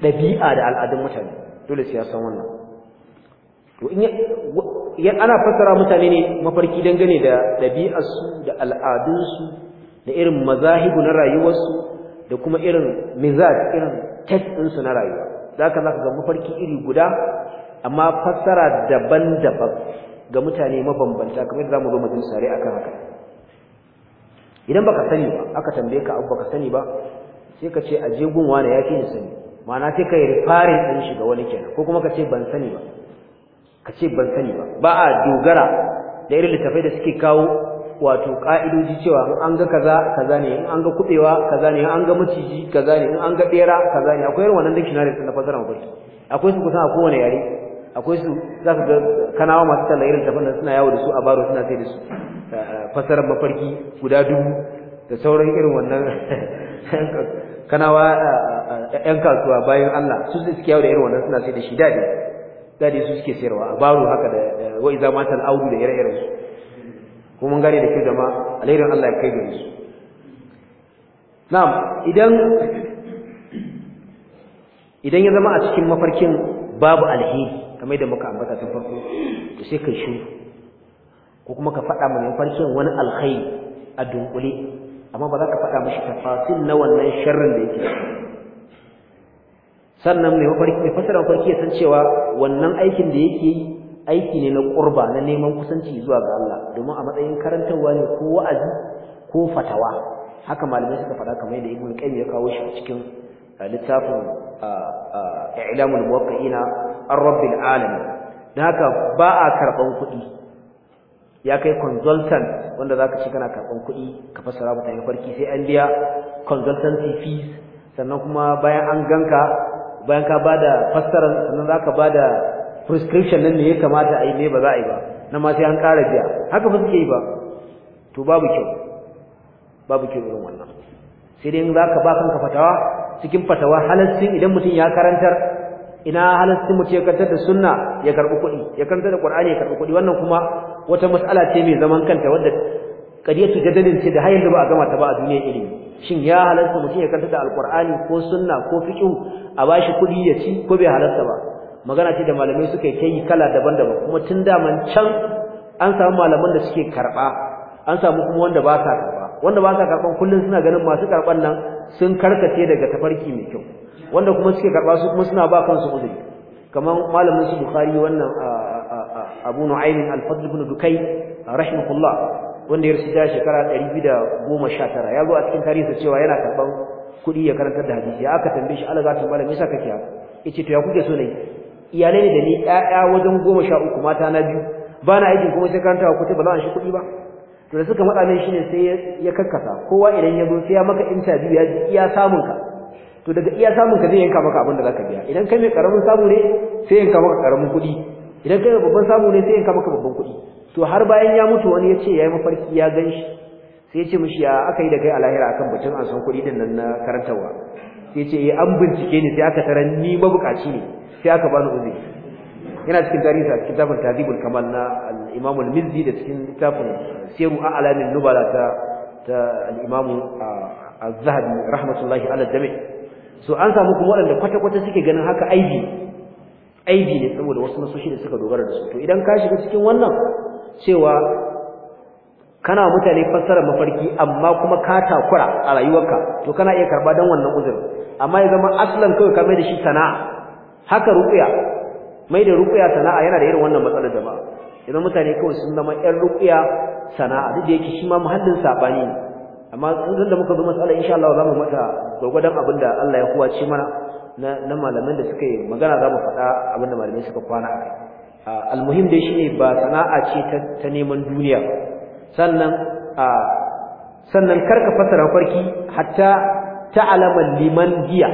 ɗabi'a da al'adun mutane dole sai ya san wannan ya, ana fassara mutane ne mafarki dangane da ɗabi'arsu da al'adunsu da irin mazahibu na rayuwarsu da kuma irin mizaj irin test na rayuwa za ka za ka ga mafarki iri guda amma fassara daban-daban ga mutane mabambanta kamar yadda za mu zo mutum sare akan haka idan baka sani ba aka tambaye ka abu baka sani ba sai ka ce a je gunwa yake ya ni sani ma'ana sai ka yi rifarin ɗin shiga wani kenan ko kuma ka ce ban sani ba ka ce ban sani ba ba a dogara da irin littafai da suke kawo wato ka'idoji cewa in an ga kaza kaza ne in an ga kubewa kaza ne in an ga maciji kaza ne in an ga bera kaza ne akwai irin wannan dictionary din na fasara mafarki akwai su kusan a kowane yare akwai su za ka ga kanawa masu talla irin tafin da suna yawo da su a baro suna sai da su fasarar mafarki guda dubu da sauran irin wannan kanawa yan kasuwa bayan Allah su suke yawo da irin wannan suna sai da shi dade da su suke sayarwa a baro haka da wa iza mata audu da ire-iren su kuma mun gane da kyau ma alairin Allah ya kai gare su na'am idan idan ya zama a cikin mafarkin babu alheri kamar yadda muka ambata tun farko to sai kai shi ko kuma ka faɗa mai mafarkin wani alkhairi a dunkule amma ba za ka faɗa mishi tafasil na wannan sharrin da yake sannan mai mafarki mai fasara mafarki ya san cewa wannan aikin da yake yi aiki ne na qurba na neman kusanci zuwa ga Allah domin a matsayin karantarwa ne ko wa'azi ko fatawa haka malamai suka faɗa kamar yadda Ibn Qayyim ya kawo shi a cikin littafin I'lamul Muwaqqi'ina Ar-Rabbil Alamin dan haka ba a karban kuɗi ya kai consultant wanda zaka ci kana karban kuɗi ka fasara mutane farki sai an biya consultancy fees sannan kuma bayan an ganka bayan ka bada fassarar sannan zaka bada prescription nan ne ya kamata a yi ne ba za a yi ba nan ma sai an ƙara biya haka ba suke yi ba to babu kyau babu kyau irin wannan sai dai in ka ba kanka fatawa cikin fatawa halastin idan mutum ya karantar ina halastin mutum ya karantar da sunna ya karɓi kuɗi ya karantar da ƙur'ani ya karɓi kuɗi wannan kuma wata mas'ala ce mai zaman kanta wadda kadiyatu jadalin ce da har da ba a gama ta ba a duniyar ilimi shin ya halarta mutum ya karanta da alqur'ani ko sunna ko fiqhu a bashi kudi ya ci ko bai halarta ba magana ce da malamai suka yi kala daban-daban kuma tun daman can an samu malaman da suke karba an samu kuma wanda ba sa karba wanda ba sa karban kullun suna ganin masu karban nan sun karkace daga tafarki mai kyau wanda kuma suke karba su kuma suna ba kansu uzuri kaman malamin su bukhari wannan abu nu'aym al-fadl ibn dukay rahimahullah wanda ya rasu da shekara 219 ya zo a cikin tarihi cewa yana karban kuɗi ya karanta da hadisi ya aka tambaye shi Allah zai tambaye me yasa kake haka yace to ya kuke so ne iyalai ne da ni ƴaƴa wajen 13 mata na biyu ba na aikin kuma sai karanta kuɗi ba za shi kuɗi ba to da suka matsa shi shine sai ya karkasa kowa idan ya zo sai ya maka interview ya iya samun ka to daga iya samun ka zai yanka maka abin da zaka biya idan kai mai karamin samu ne sai yanka maka karamin kuɗi idan kai babban samu ne sai yanka maka babban kuɗi to har bayan ya mutu wani yace yayi mafarki ya ganshi sai yace mishi ya aka yi da kai a lahira akan batun an san kuɗi din nan na karantawa sai yace eh an bincike ni sai aka taran ni mabukaci ne sai aka bani uzuri yana cikin tarihi kitabun tadibul kamal na al-imam al-mizzi da cikin kitabun siru a'lamin nubala ta ta al-imam ah, az-zahabi rahmatullahi ala jami' so an samu kuma waɗanda kwata-kwata suke ganin haka aibi aibi ne saboda wasu nasoshi da suka dogara da su to idan ka shiga cikin wannan cewa kana mutane fassara mafarki amma kuma ka takura a rayuwarka to kana iya karba dan wannan uzur amma ya zama aslan kawai ka mai da shi sana'a haka ruqya mai da ruqya sana'a yana da irin wannan matsalar ba idan mutane kawai sun zama ƴan ruqya sana'a duk da yake shi ma muhallin sabani ne amma idan da muka zo matsala insha Allah za mu mata gwagwadon abinda Allah ya kuwace mana na malaman da suka yi magana za mu faɗa abinda malamai suka kwana a kai. Ah, almuhim dai ne ba sana'a ce ta neman duniya sannan ah, sannan karka fasara farki hatta ta alaman liman jiya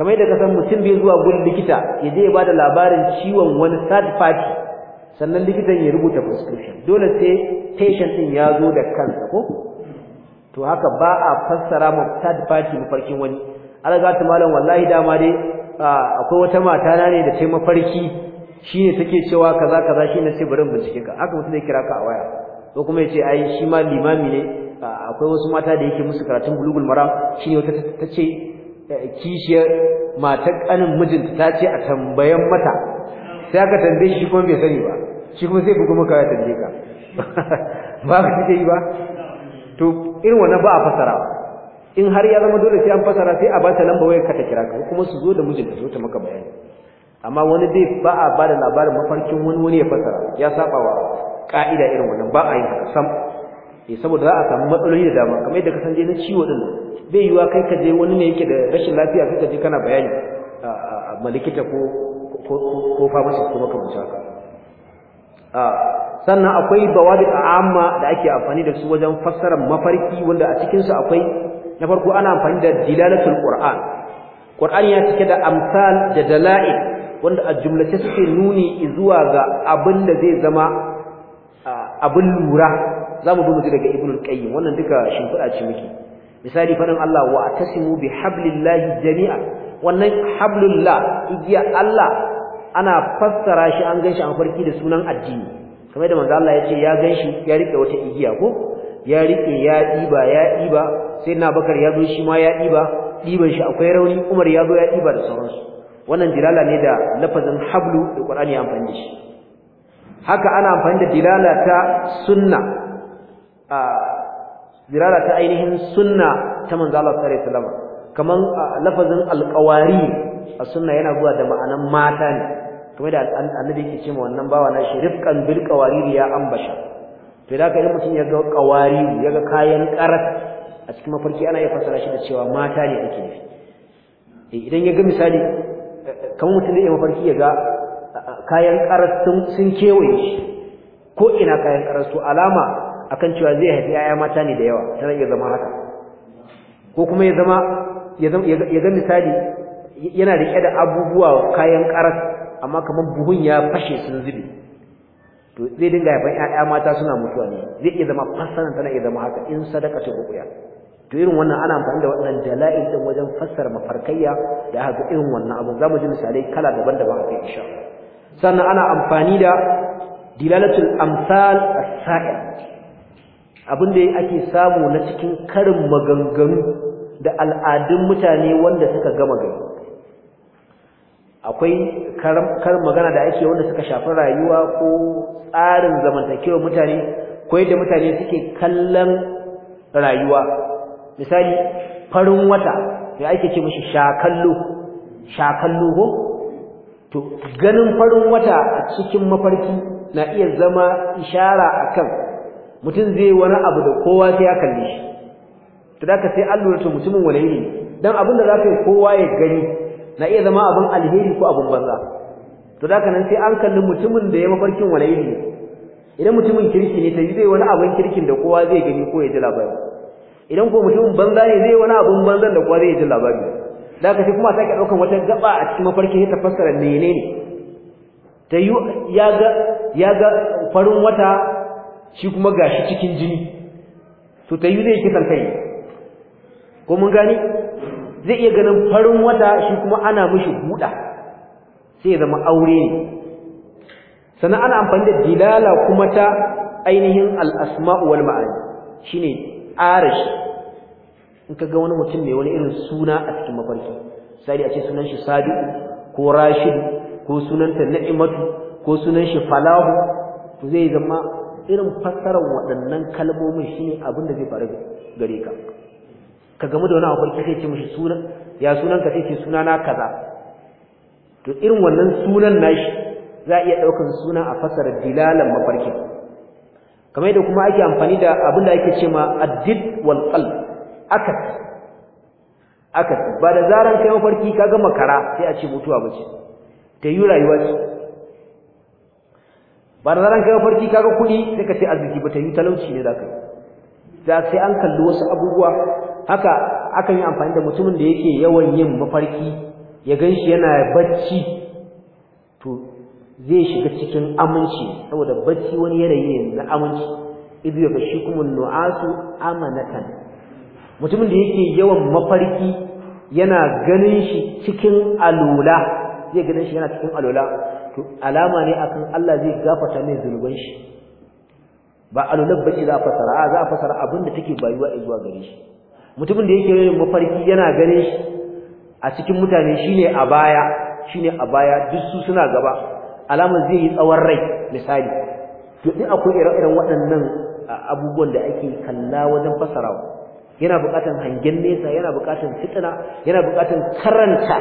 kamar yadda kasan mutum bai zuwa gurin likita ya je ba bada labarin ciwon wani third party sannan likitan ya rubuta prescription dole sai patient din ya zo da kansa ko to haka ba a fassara ma third party mafarkin wani alaga ta malam wallahi dama dai ah, akwai wata mata na ne da ce mafarki Shi ne take cewa kaza kaza ne sai bari bincike ka haka mutum zai kira ka a waya ko kuma ya ce ai shi ma limami ne akwai wasu mata da yake musu karatun bulugul maram shi ne ta ce eh, kishiyar matar kanin mijinta ta ce a tambayan mata sai aka tambaye shi kuma bai sani ba shi kuma sai kuma kawai ya tambaye ka ba ka take yi ba to irin wannan ba a fasara in har ya zama dole sai an fasara sai a ba ta lamba wayar ka ta kira ka kuma su zo da mijinta zo ta maka bayani amma wani dai ba a ba da labarin mafarkin wani wani ya fasara ya saba wa ka'ida irin wannan ba a yi haka sam eh saboda za a samu matsaloli da dama kamar yadda ka san je na ciwo din bai yiwa kai ka je wani ne yake da rashin lafiya sai ka je kana bayani a malikita ko ko famasi ko makamancin haka sannan akwai bawadi amma da ake amfani da su wajen fassara mafarki wanda a cikin su akwai na farko ana amfani da dilalatul qur'an qur'ani ya cike da amsal da dala'il wanda a jumlace suke nuni zuwa ga abin da zai zama abin lura za mu bi daga ibn al-qayyim wannan duka shimfiɗa ce muke misali faɗin Allah wa atasimu bi hablillahi jami'a wannan hablullah igiya Allah ana fassara shi an ganshi an farki da sunan addini kamar da manzo Allah ya ce ya ganshi ya rike wata igiya ko ya rike ya diba ya diba sai na bakar ya zo shi ma ya diba diban shi akwai rauni Umar ya zo ya diba da sauransu wannan dilala ne da lafazin hablu da Qur'ani ya amfani shi haka ana amfani da dilala ta sunna a dilala ta ainihin sunna ta manzo Allah sallallahu alaihi wasallam kaman lafazin alqawari a sunna yana zuwa da ma'anan mata ne kuma da annabi yake cewa wannan bawa na shi rifqan bil qawari ya ambasha to da ka mutum ya ga qawari ya ga kayan qarat a cikin mafarki ana iya fassara shi da cewa mata ne ake nufi eh, idan ya ga misali kamar mutum da ya mafarki ya ga kayan karas sun kewaye shi ko ina kayan karas to alama akan cewa zai haifi yaya mata ne da yawa tana iya zama haka ko kuma ya zama ya ga misali yana rike da abubuwa kayan karas amma kamar buhun ya fashe sun zube to zai dinga haifan yaya mata suna mutuwa ne zai iya zama fasaran tana iya zama haka in sadaka ta ruƙuya to irin wannan ana amfani da wannan dala'il din wajen fassara mafarkayya da haka irin wannan abu zamu ji misalai kala daban-daban akai insha sannan ana amfani da dilalatul amsal as-sa'il abin da ake samu na cikin karin maganganu da al'adun mutane wanda suka gama gari akwai karin magana da ake wanda suka shafi rayuwa ko tsarin zamantakewar mutane ko yadda mutane suke kallon rayuwa misali farin wata ya ake ce mishi shakallo shakallo ko to ganin farin wata a cikin mafarki na iya zama ishara akan mutum zai wani abu da kowa sai ya kalle shi to da ka sai an lura to mutumin wani ne dan abin da za ka yi kowa ya gani na iya zama abin alheri ko abin banza to da nan sai an kalli mutumin da ya mafarkin wani ne idan mutumin kirki ne ta yi zai wani abin kirkin da kowa zai gani ko ya ji labarin idan ko mutumin banza ne zai wani abun banzan da kuwa zai ji labari da ka kuma sake daukan wata gaba a cikin mafarkin ta fassara menene ta yi ya ga ya ga farin wata shi kuma gashi cikin jini to ta yi zai kisan kai ko mun gani zai iya ganin farin wata shi kuma ana mishi buɗa sai ya zama aure ne sannan ana amfani da dilala kuma ta ainihin al asma'u wal ma'ani shine arashi in ka ga wani mutum mai wani irin suna a cikin mafarki sai a ce sunan shi sadi ko rashid ko sunanta na'imatu ko sunan shi falahu to zai zama irin fassarar waɗannan kalmomin shine abin da zai faru gare ka ka gamu da wani mafarki sai ce mishi sunan ya sunan ka sai ce na kaza to irin wannan sunan nashi za a iya ɗaukan suna a fassarar dilalan mafarkin kamar yadda kuma ake amfani da abin da ake ce ma addid wal qalb akat akat ba da zaran kai mafarki ka ga makara sai a ce mutuwa bace ta yi rayuwa ce ba da zaran kai mafarki ka ga kuɗi sai ka ce arziki ba ta yi talauci ne zaka da sai an kalli wasu abubuwa haka akan yi amfani da mutumin da yake yawan yin mafarki ya ganshi yana bacci to zai shiga cikin aminci saboda bacci wani yanayi ne na aminci ya yaghshikum kuma nuasu amanatan mutumin da yake yawan mafarki yana ganin shi cikin alula zai ganin shi yana cikin alula to alama ne akan Allah zai gafarta mai zunuban shi ba alulan bace za a fasara a za a fasara abin da take bayuwa a zuwa gare shi mutumin da yake yawan mafarki yana ganin shi a cikin mutane shine a baya shine a baya duk su suna gaba alamar zai yi tsawon rai misali to din akwai ire-iren waɗannan abubuwan da ake kalla wajen fasarawa yana buƙatar hangen nesa yana buƙatar fitina yana buƙatar karanta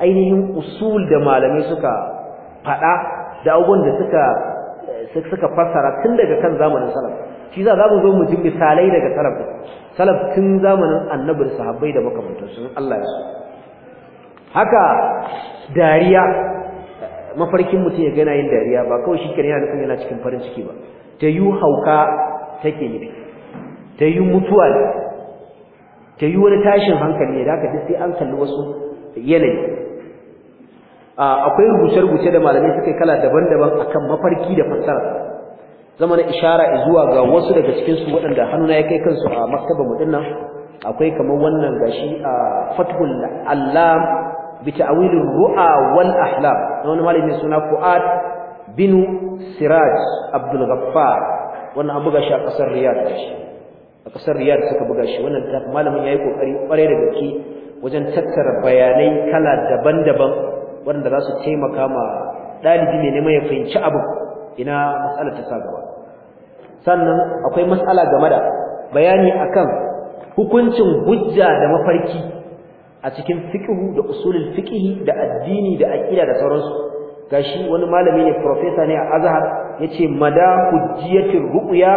ainihin usul da malamai suka faɗa da abubuwan da suka eh, suka tun daga kan zamanin salaf shi za za mu zo mu ji misalai daga salaf salaf tun zamanin annabi sahabbai da makamantansu Allah ya so haka dariya mafarkin mutum ya gana yin dariya ba kawai shi kenan yana yana cikin farin ciki ba ta yi hauka take nufi ta yi mutuwa ne ta yi wani tashin hankali ne da aka sai an kalli wasu yanayi akwai rubuce-rubuce da malamai suka yi kala daban-daban akan mafarki da fasara. zama na ishara zuwa ga wasu daga cikinsu waɗanda hannuna ya kai kansu a maktaba mu dinnan akwai kamar wannan gashi a fathul Allah. bi ta'wilir ru'a wal ahlam wani malami suna Fuad bin Siraj Abdul Ghaffar wannan an buga shi a kasar Riyadh a kasar Riyadh suka buga shi wannan malamin yayi kokari kware da gaske wajen tattara bayanai kala daban-daban wanda za su taimaka ma dalibi ne neman ya fahimci abu ina mas'alar ta sa gaba sannan akwai mas'ala game da bayani akan hukuncin hujja da mafarki a cikin fiqhu da usulul fiqhi da addini da aqida da sauransu gashi wani malami ne professor ne a Azhar yace mada hujjiyatir ruqya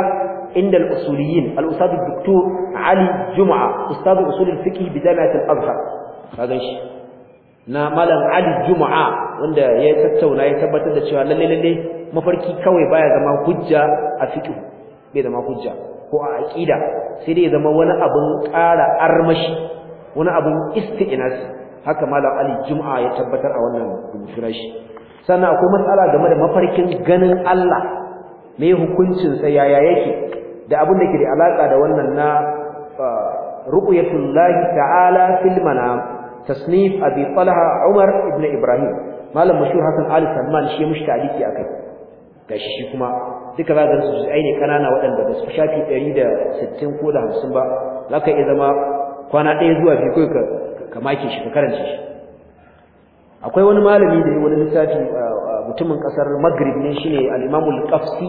inda al-usuliyin al-ustad doktor Ali juma'a ustad usulul fiqh bi jami'at al-Azhar kaga shi na malam Ali Juma'a wanda ya tattauna ya tabbatar da cewa lalle lalle mafarki kawai baya zama hujja a fiqh bai zama hujja ko a aqida sai dai ya zama wani abun ƙara armashi wani abun isti'nas haka malam ali Juma'a ya tabbatar a wannan rubutu shi sannan akwai matsala game da mafarkin ganin Allah me hukuncin sa yaya yake da abin da ke da alaka da wannan na uh, ru'yatullahi ta'ala fil manam tasnif abi talha umar ibn ibrahim malam mashhur hasan ali salman shi mushi taliki akai gashi shi kuma duka za ga su ai ne kanana waɗanda ba su shafi 160 ko da 50 ba zaka iya zama kwana ɗaya zuwa biyu kawai ka make shi ka karance shi akwai wani malami da ya wani lissafi mutumin kasar maghrib ne shine al-imamu al-qafsi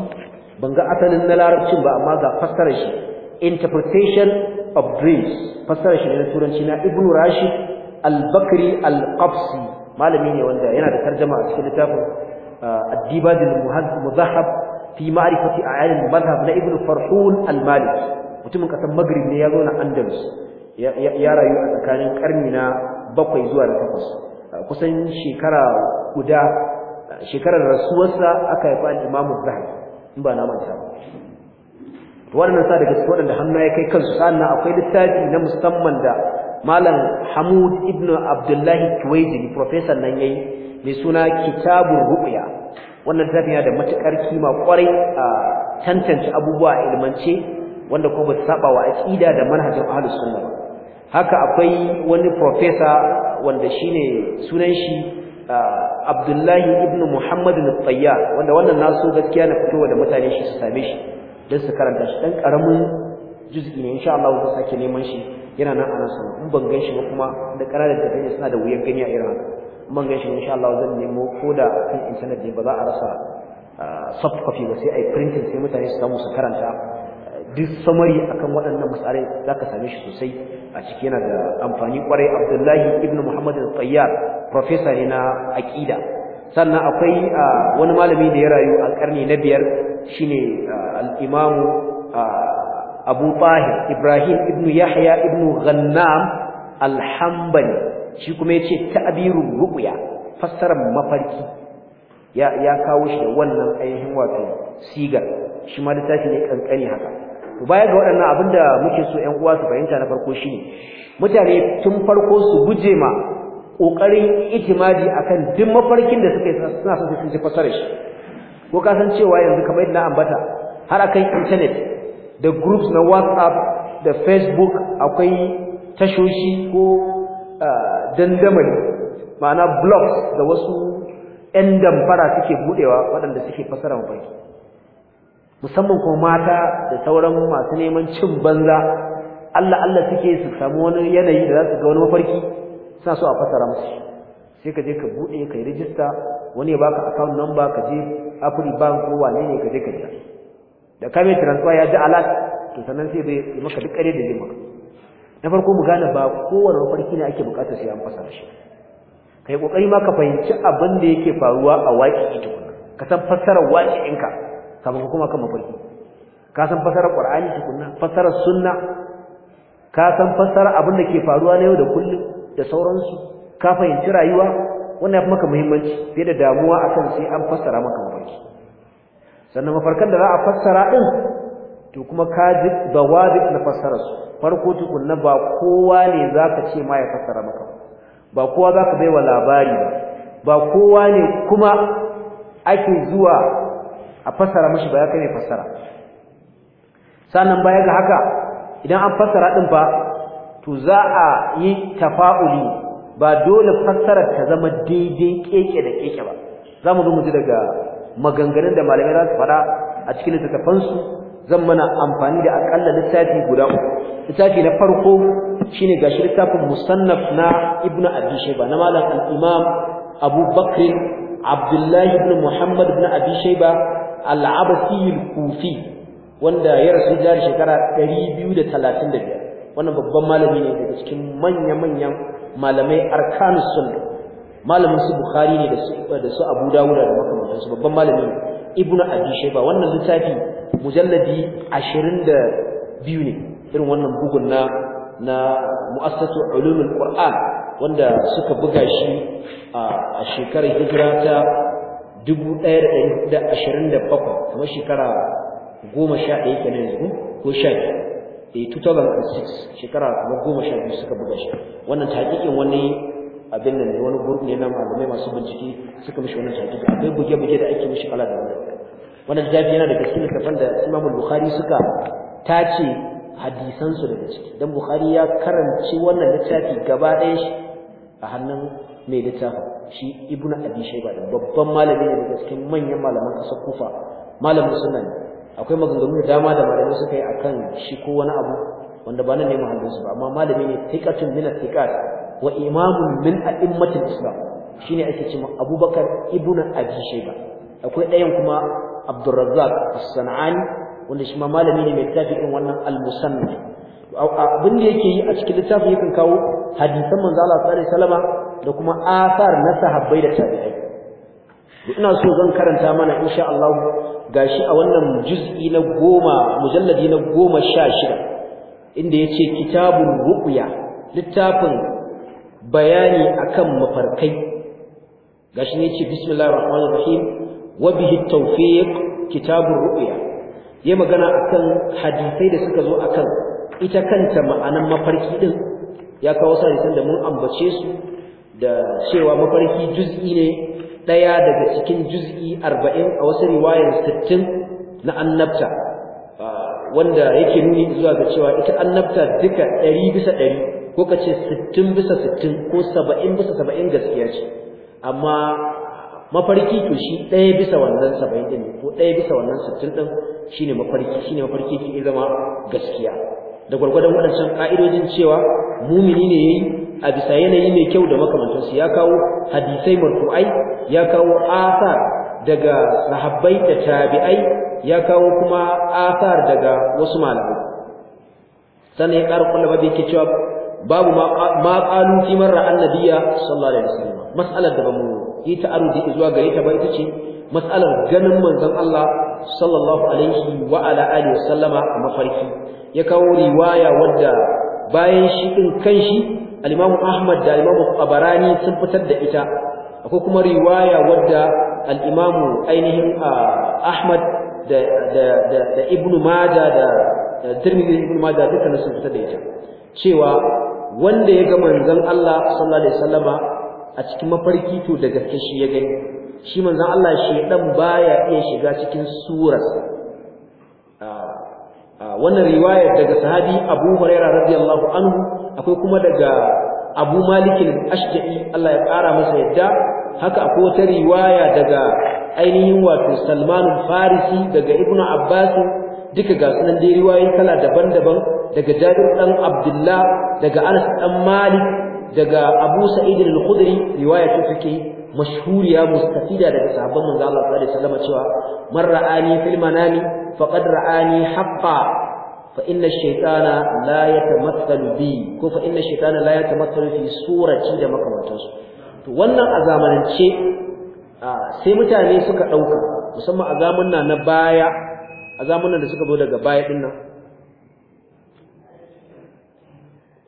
ban ga asalin na larabcin ba amma ga fassarar shi interpretation of dreams fassarar shi na turanci na ibn rashid al-bakri al-qafsi malami ne wanda yana da tarjuma a cikin littafin ad-dibad al-muzahhab fi ma'rifati a'yan al-madhhab na ibn farhun al-maliki mutumin kasar maghrib ne ya zo na andalus ya rayu a tsakanin karni na bakwai zuwa da takwas kusan shekara guda shekarar rasuwarsa aka haifa al-Imam in ba na manta ba wannan sa daga cikin wadanda hannu ya kai kansu sannan akwai littafi na musamman da Malam Hamud Ibn Abdullahi Kuwaiti professor nan yayi mai suna kitabun Ruqya wannan littafin yana da matukar kima kwarai a tantance abubuwa a ilmance wanda kuma ba saba wa aqida da manhajin ahlus sunna ba haka akwai wani profesa wanda shine sunan shi ah, Abdullahi ibn Muhammad al-Tayyar wanda wannan naso gaskiya na fitowa da mutane shi su same shi don su karanta shi dan karamin juz'i ne insha Allah ku sake neman shi yana nan a nasu in ban gan shi ba kuma da kararar da kake suna da wuyan gani a irin in ban gan shi insha Allah zan nemo ko da kan internet ne ba za a rasa ah, soft copy ba sai ai printing sai mutane su samu su karanta duk samari akan waɗannan za zaka same shi sosai a ciki yana da amfani kwarai Abdullahi ibn Muhammad al-Qayyar professor ne na aƙida sannan akwai wani malami da ya rayu a ƙarni na biyar shine al-Imam Abu Tahir Ibrahim ibn Yahya ibn Ghannam al-Hanbali shi kuma ya ce ta'birur ruqya fassarar mafarki ya ya kawo shi da wannan ainihin wato sigar shi ma littafi ne kankani haka to baya ga waɗannan abinda muke so ƴan uwa su fahimta na farko shine mutane tun farko su guje ma ƙoƙarin itimadi akan duk mafarkin da suka yi suna son su ji fasarar shi ko ka cewa yanzu kamar yadda na ambata har akan internet da groups na WhatsApp da Facebook akwai tashoshi ko ah, dandamali ma'ana blogs da wasu 'yan damfara suke budewa waɗanda suke fasara mafarki musamman kuma mata da sauran masu neman cin banza Allah Allah suke su samu wani yanayi da za su ga wani mafarki suna so a fasara musu sai ka je ka bude ka yi rijista wani ya baka account number ka je Apple bank ko wane ne ka je ka yi da kame transfer ya ji alat to sannan sai bai yi maka duk kare da zai maka na farko mu gane ba kowane mafarki ne ake bukatar sai an fasara shi kai kokari ma ka fahimci abin da yake faruwa a waki ita ka san fassarar waki ɗinka kamar ka kan mafarki ka san fasarar qur'ani tukunna fasarar sunna ka san fasarar abin da ke faruwa na yau da kullum da sauransu ka fahimci rayuwa wannan yafi maka muhimmanci fiye da damuwa akan sai an fassara maka mafarki sannan mafarkan da za a fassara din to kuma ka ji dawabi na fassara su farko tukunna ba kowa ne zaka ce ma ya fassara maka ba kowa zaka baiwa labari ba kowa ne kuma ake zuwa a fassara mashi ba ya kai mai fassara sannan baya ga haka idan an fassara din fa to za a yi tafa'uli ba dole fassara ta zama daidai keke da keke ba za mu zo mu ji daga maganganun da malamai za su faɗa a cikin littattafansu zan mana amfani da akalla littafi guda uku littafi na farko shine gashi littafin musannaf na ibn abi shayba na malam al-imam abu bakr abdullahi ibn muhammad ibn abi shayba al-abasi al-kufi wanda ya rasu jari shekara 235 wannan babban malami ne daga cikin manya-manyan malamai arkanus sunna malamin su bukhari ne da su da su abu dawuda da makamantan babban malami ibnu abi shayba wannan littafi mujalladi 22 ne irin wannan bugun na na mu'assasatu ulumul qur'an wanda suka buga shi a shekarar hijira ta dubu ɗaya da ashirin da kamar shekara goma sha ɗaya kenan yanzu ko sha biyu eh, 2006 shekara kamar goma sha biyu suka buga shi wannan taƙiƙin wani abin nan ne wani gurbi ne na malamai masu bincike suka mishi wannan tafi akwai buge-buge da ake mishi kala da wani wannan tafi yana daga cikin littafin da Imam Bukhari suka tace hadisan su daga ciki dan Bukhari ya karanci wannan littafi gaba ɗaya shi a hannun mai littafin shi ibnu abi shayba da babban malami ne daga cikin manyan malaman kasar kufa malamin sunna ne akwai maganganu da dama da malamai suka yi akan shi ko wani abu wanda ba nan ne muhallin su ba amma malami ne thiqatun min thiqat wa imamun min a'immatil islam shine ake cewa abubakar ibnu abi shayba akwai ɗayan kuma abdurrazzaq as-sanani wanda shi ma malami ne mai littafin wannan al-musannaf abin da yake yi a cikin littafin yakan kawo hadisan manzo Allah sallallahu alaihi wasallam da kuma asar na sahabbai da tabi'ai ina so zan karanta mana insha Allah gashi a wannan juz'i na goma mujalladi na goma sha shida inda yace kitabul ruqya littafin bayani akan mafarkai gashi ne yace bismillahir rahmanir rahim wa bihi tawfiq kitabul ruqya yayi magana akan hadisai da suka zo akan ita kanta ma'anan mafarki din ya kawo sarisan da mun ambace su da cewa mafarki juz'i ne daya daga cikin juz'i 40 a wasu riwayar 60 na annabta wanda yake nuni zuwa ga cewa ita annabta duka 100 bisa 100 ko kace 60 bisa 60 ko 70 bisa 70 gaskiya ce amma mafarki to shi ɗaya bisa wannan 70 din ko ɗaya bisa wannan 60 din shine mafarki shine mafarki ke zama gaskiya da gwargwadon waɗancan ƙa'idojin cewa mumini ne ya yi a bisa yanayi mai kyau da makamantansu ya kawo hadisai marfu'ai ya kawo asar daga sahabbai da tabi'ai ya kawo kuma asar daga wasu malamai sannan ya ƙara kullum abin ke cewa babu ma qalu fi man ra'a annabiyya sallallahu alaihi wasallam mas'alar da bamu yi zuwa gare ta ba ita ce matsalar ganin manzon Allah sallallahu alaihi wa ala alihi wasallama a mafarki ya kawo riwaya wadda bayan shi din kanshi al-Imam Ahmad da Imam Tabarani sun fitar da ita akwai kuma riwaya wadda al-Imam ainihin Ahmad da da da Ibn Majah da Tirmidhi Ibn Majah duka sun fitar da ita cewa wanda ya ga manzon Allah sallallahu alaihi wasallama a cikin mafarki to da gaske shi ya gani shi manzon Allah shedan baya iya shiga cikin suras. wannan riwaya daga sahabi Abu Hurairah radiyallahu anhu akwai kuma daga Abu Malik al-Ashja'i Allah ya kara masa yadda haka akwai wata riwaya daga ainihin wato Salman al-Farisi daga Ibn Abbas duka ga sunan dai riwayoyi kala daban-daban daga Jabir dan Abdullah daga Anas dan Malik daga Abu Sa'id al-Khudri riwaya ta take mashhuriya mustafida daga sahabban manzo Allah sallallahu alaihi wasallam cewa man ra'ani fil manami faqad ra'ani haqqan fa inna ash-shaytana la yatamathalu bi ko fa inna ash-shaytana la yatamathalu fi surati da makamantansu to wannan a zamanance sai mutane suka dauka musamman a zamanna na baya a zamanan da suka zo daga baya dinnan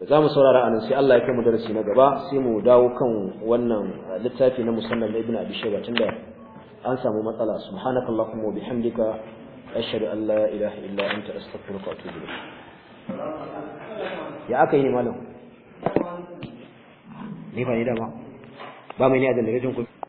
za mu saurara anan sai Allah ya kai mu darasi na gaba sai mu dawo kan wannan littafi na musamman na Ibn Abi Shayba tunda an samu matsala subhanakallahumma wa bihamdika ashhadu an la ilaha illa anta astaghfiruka wa atubu ilayk ya aka yi malam ni ba ni da ba ba mai ne a dalilin ku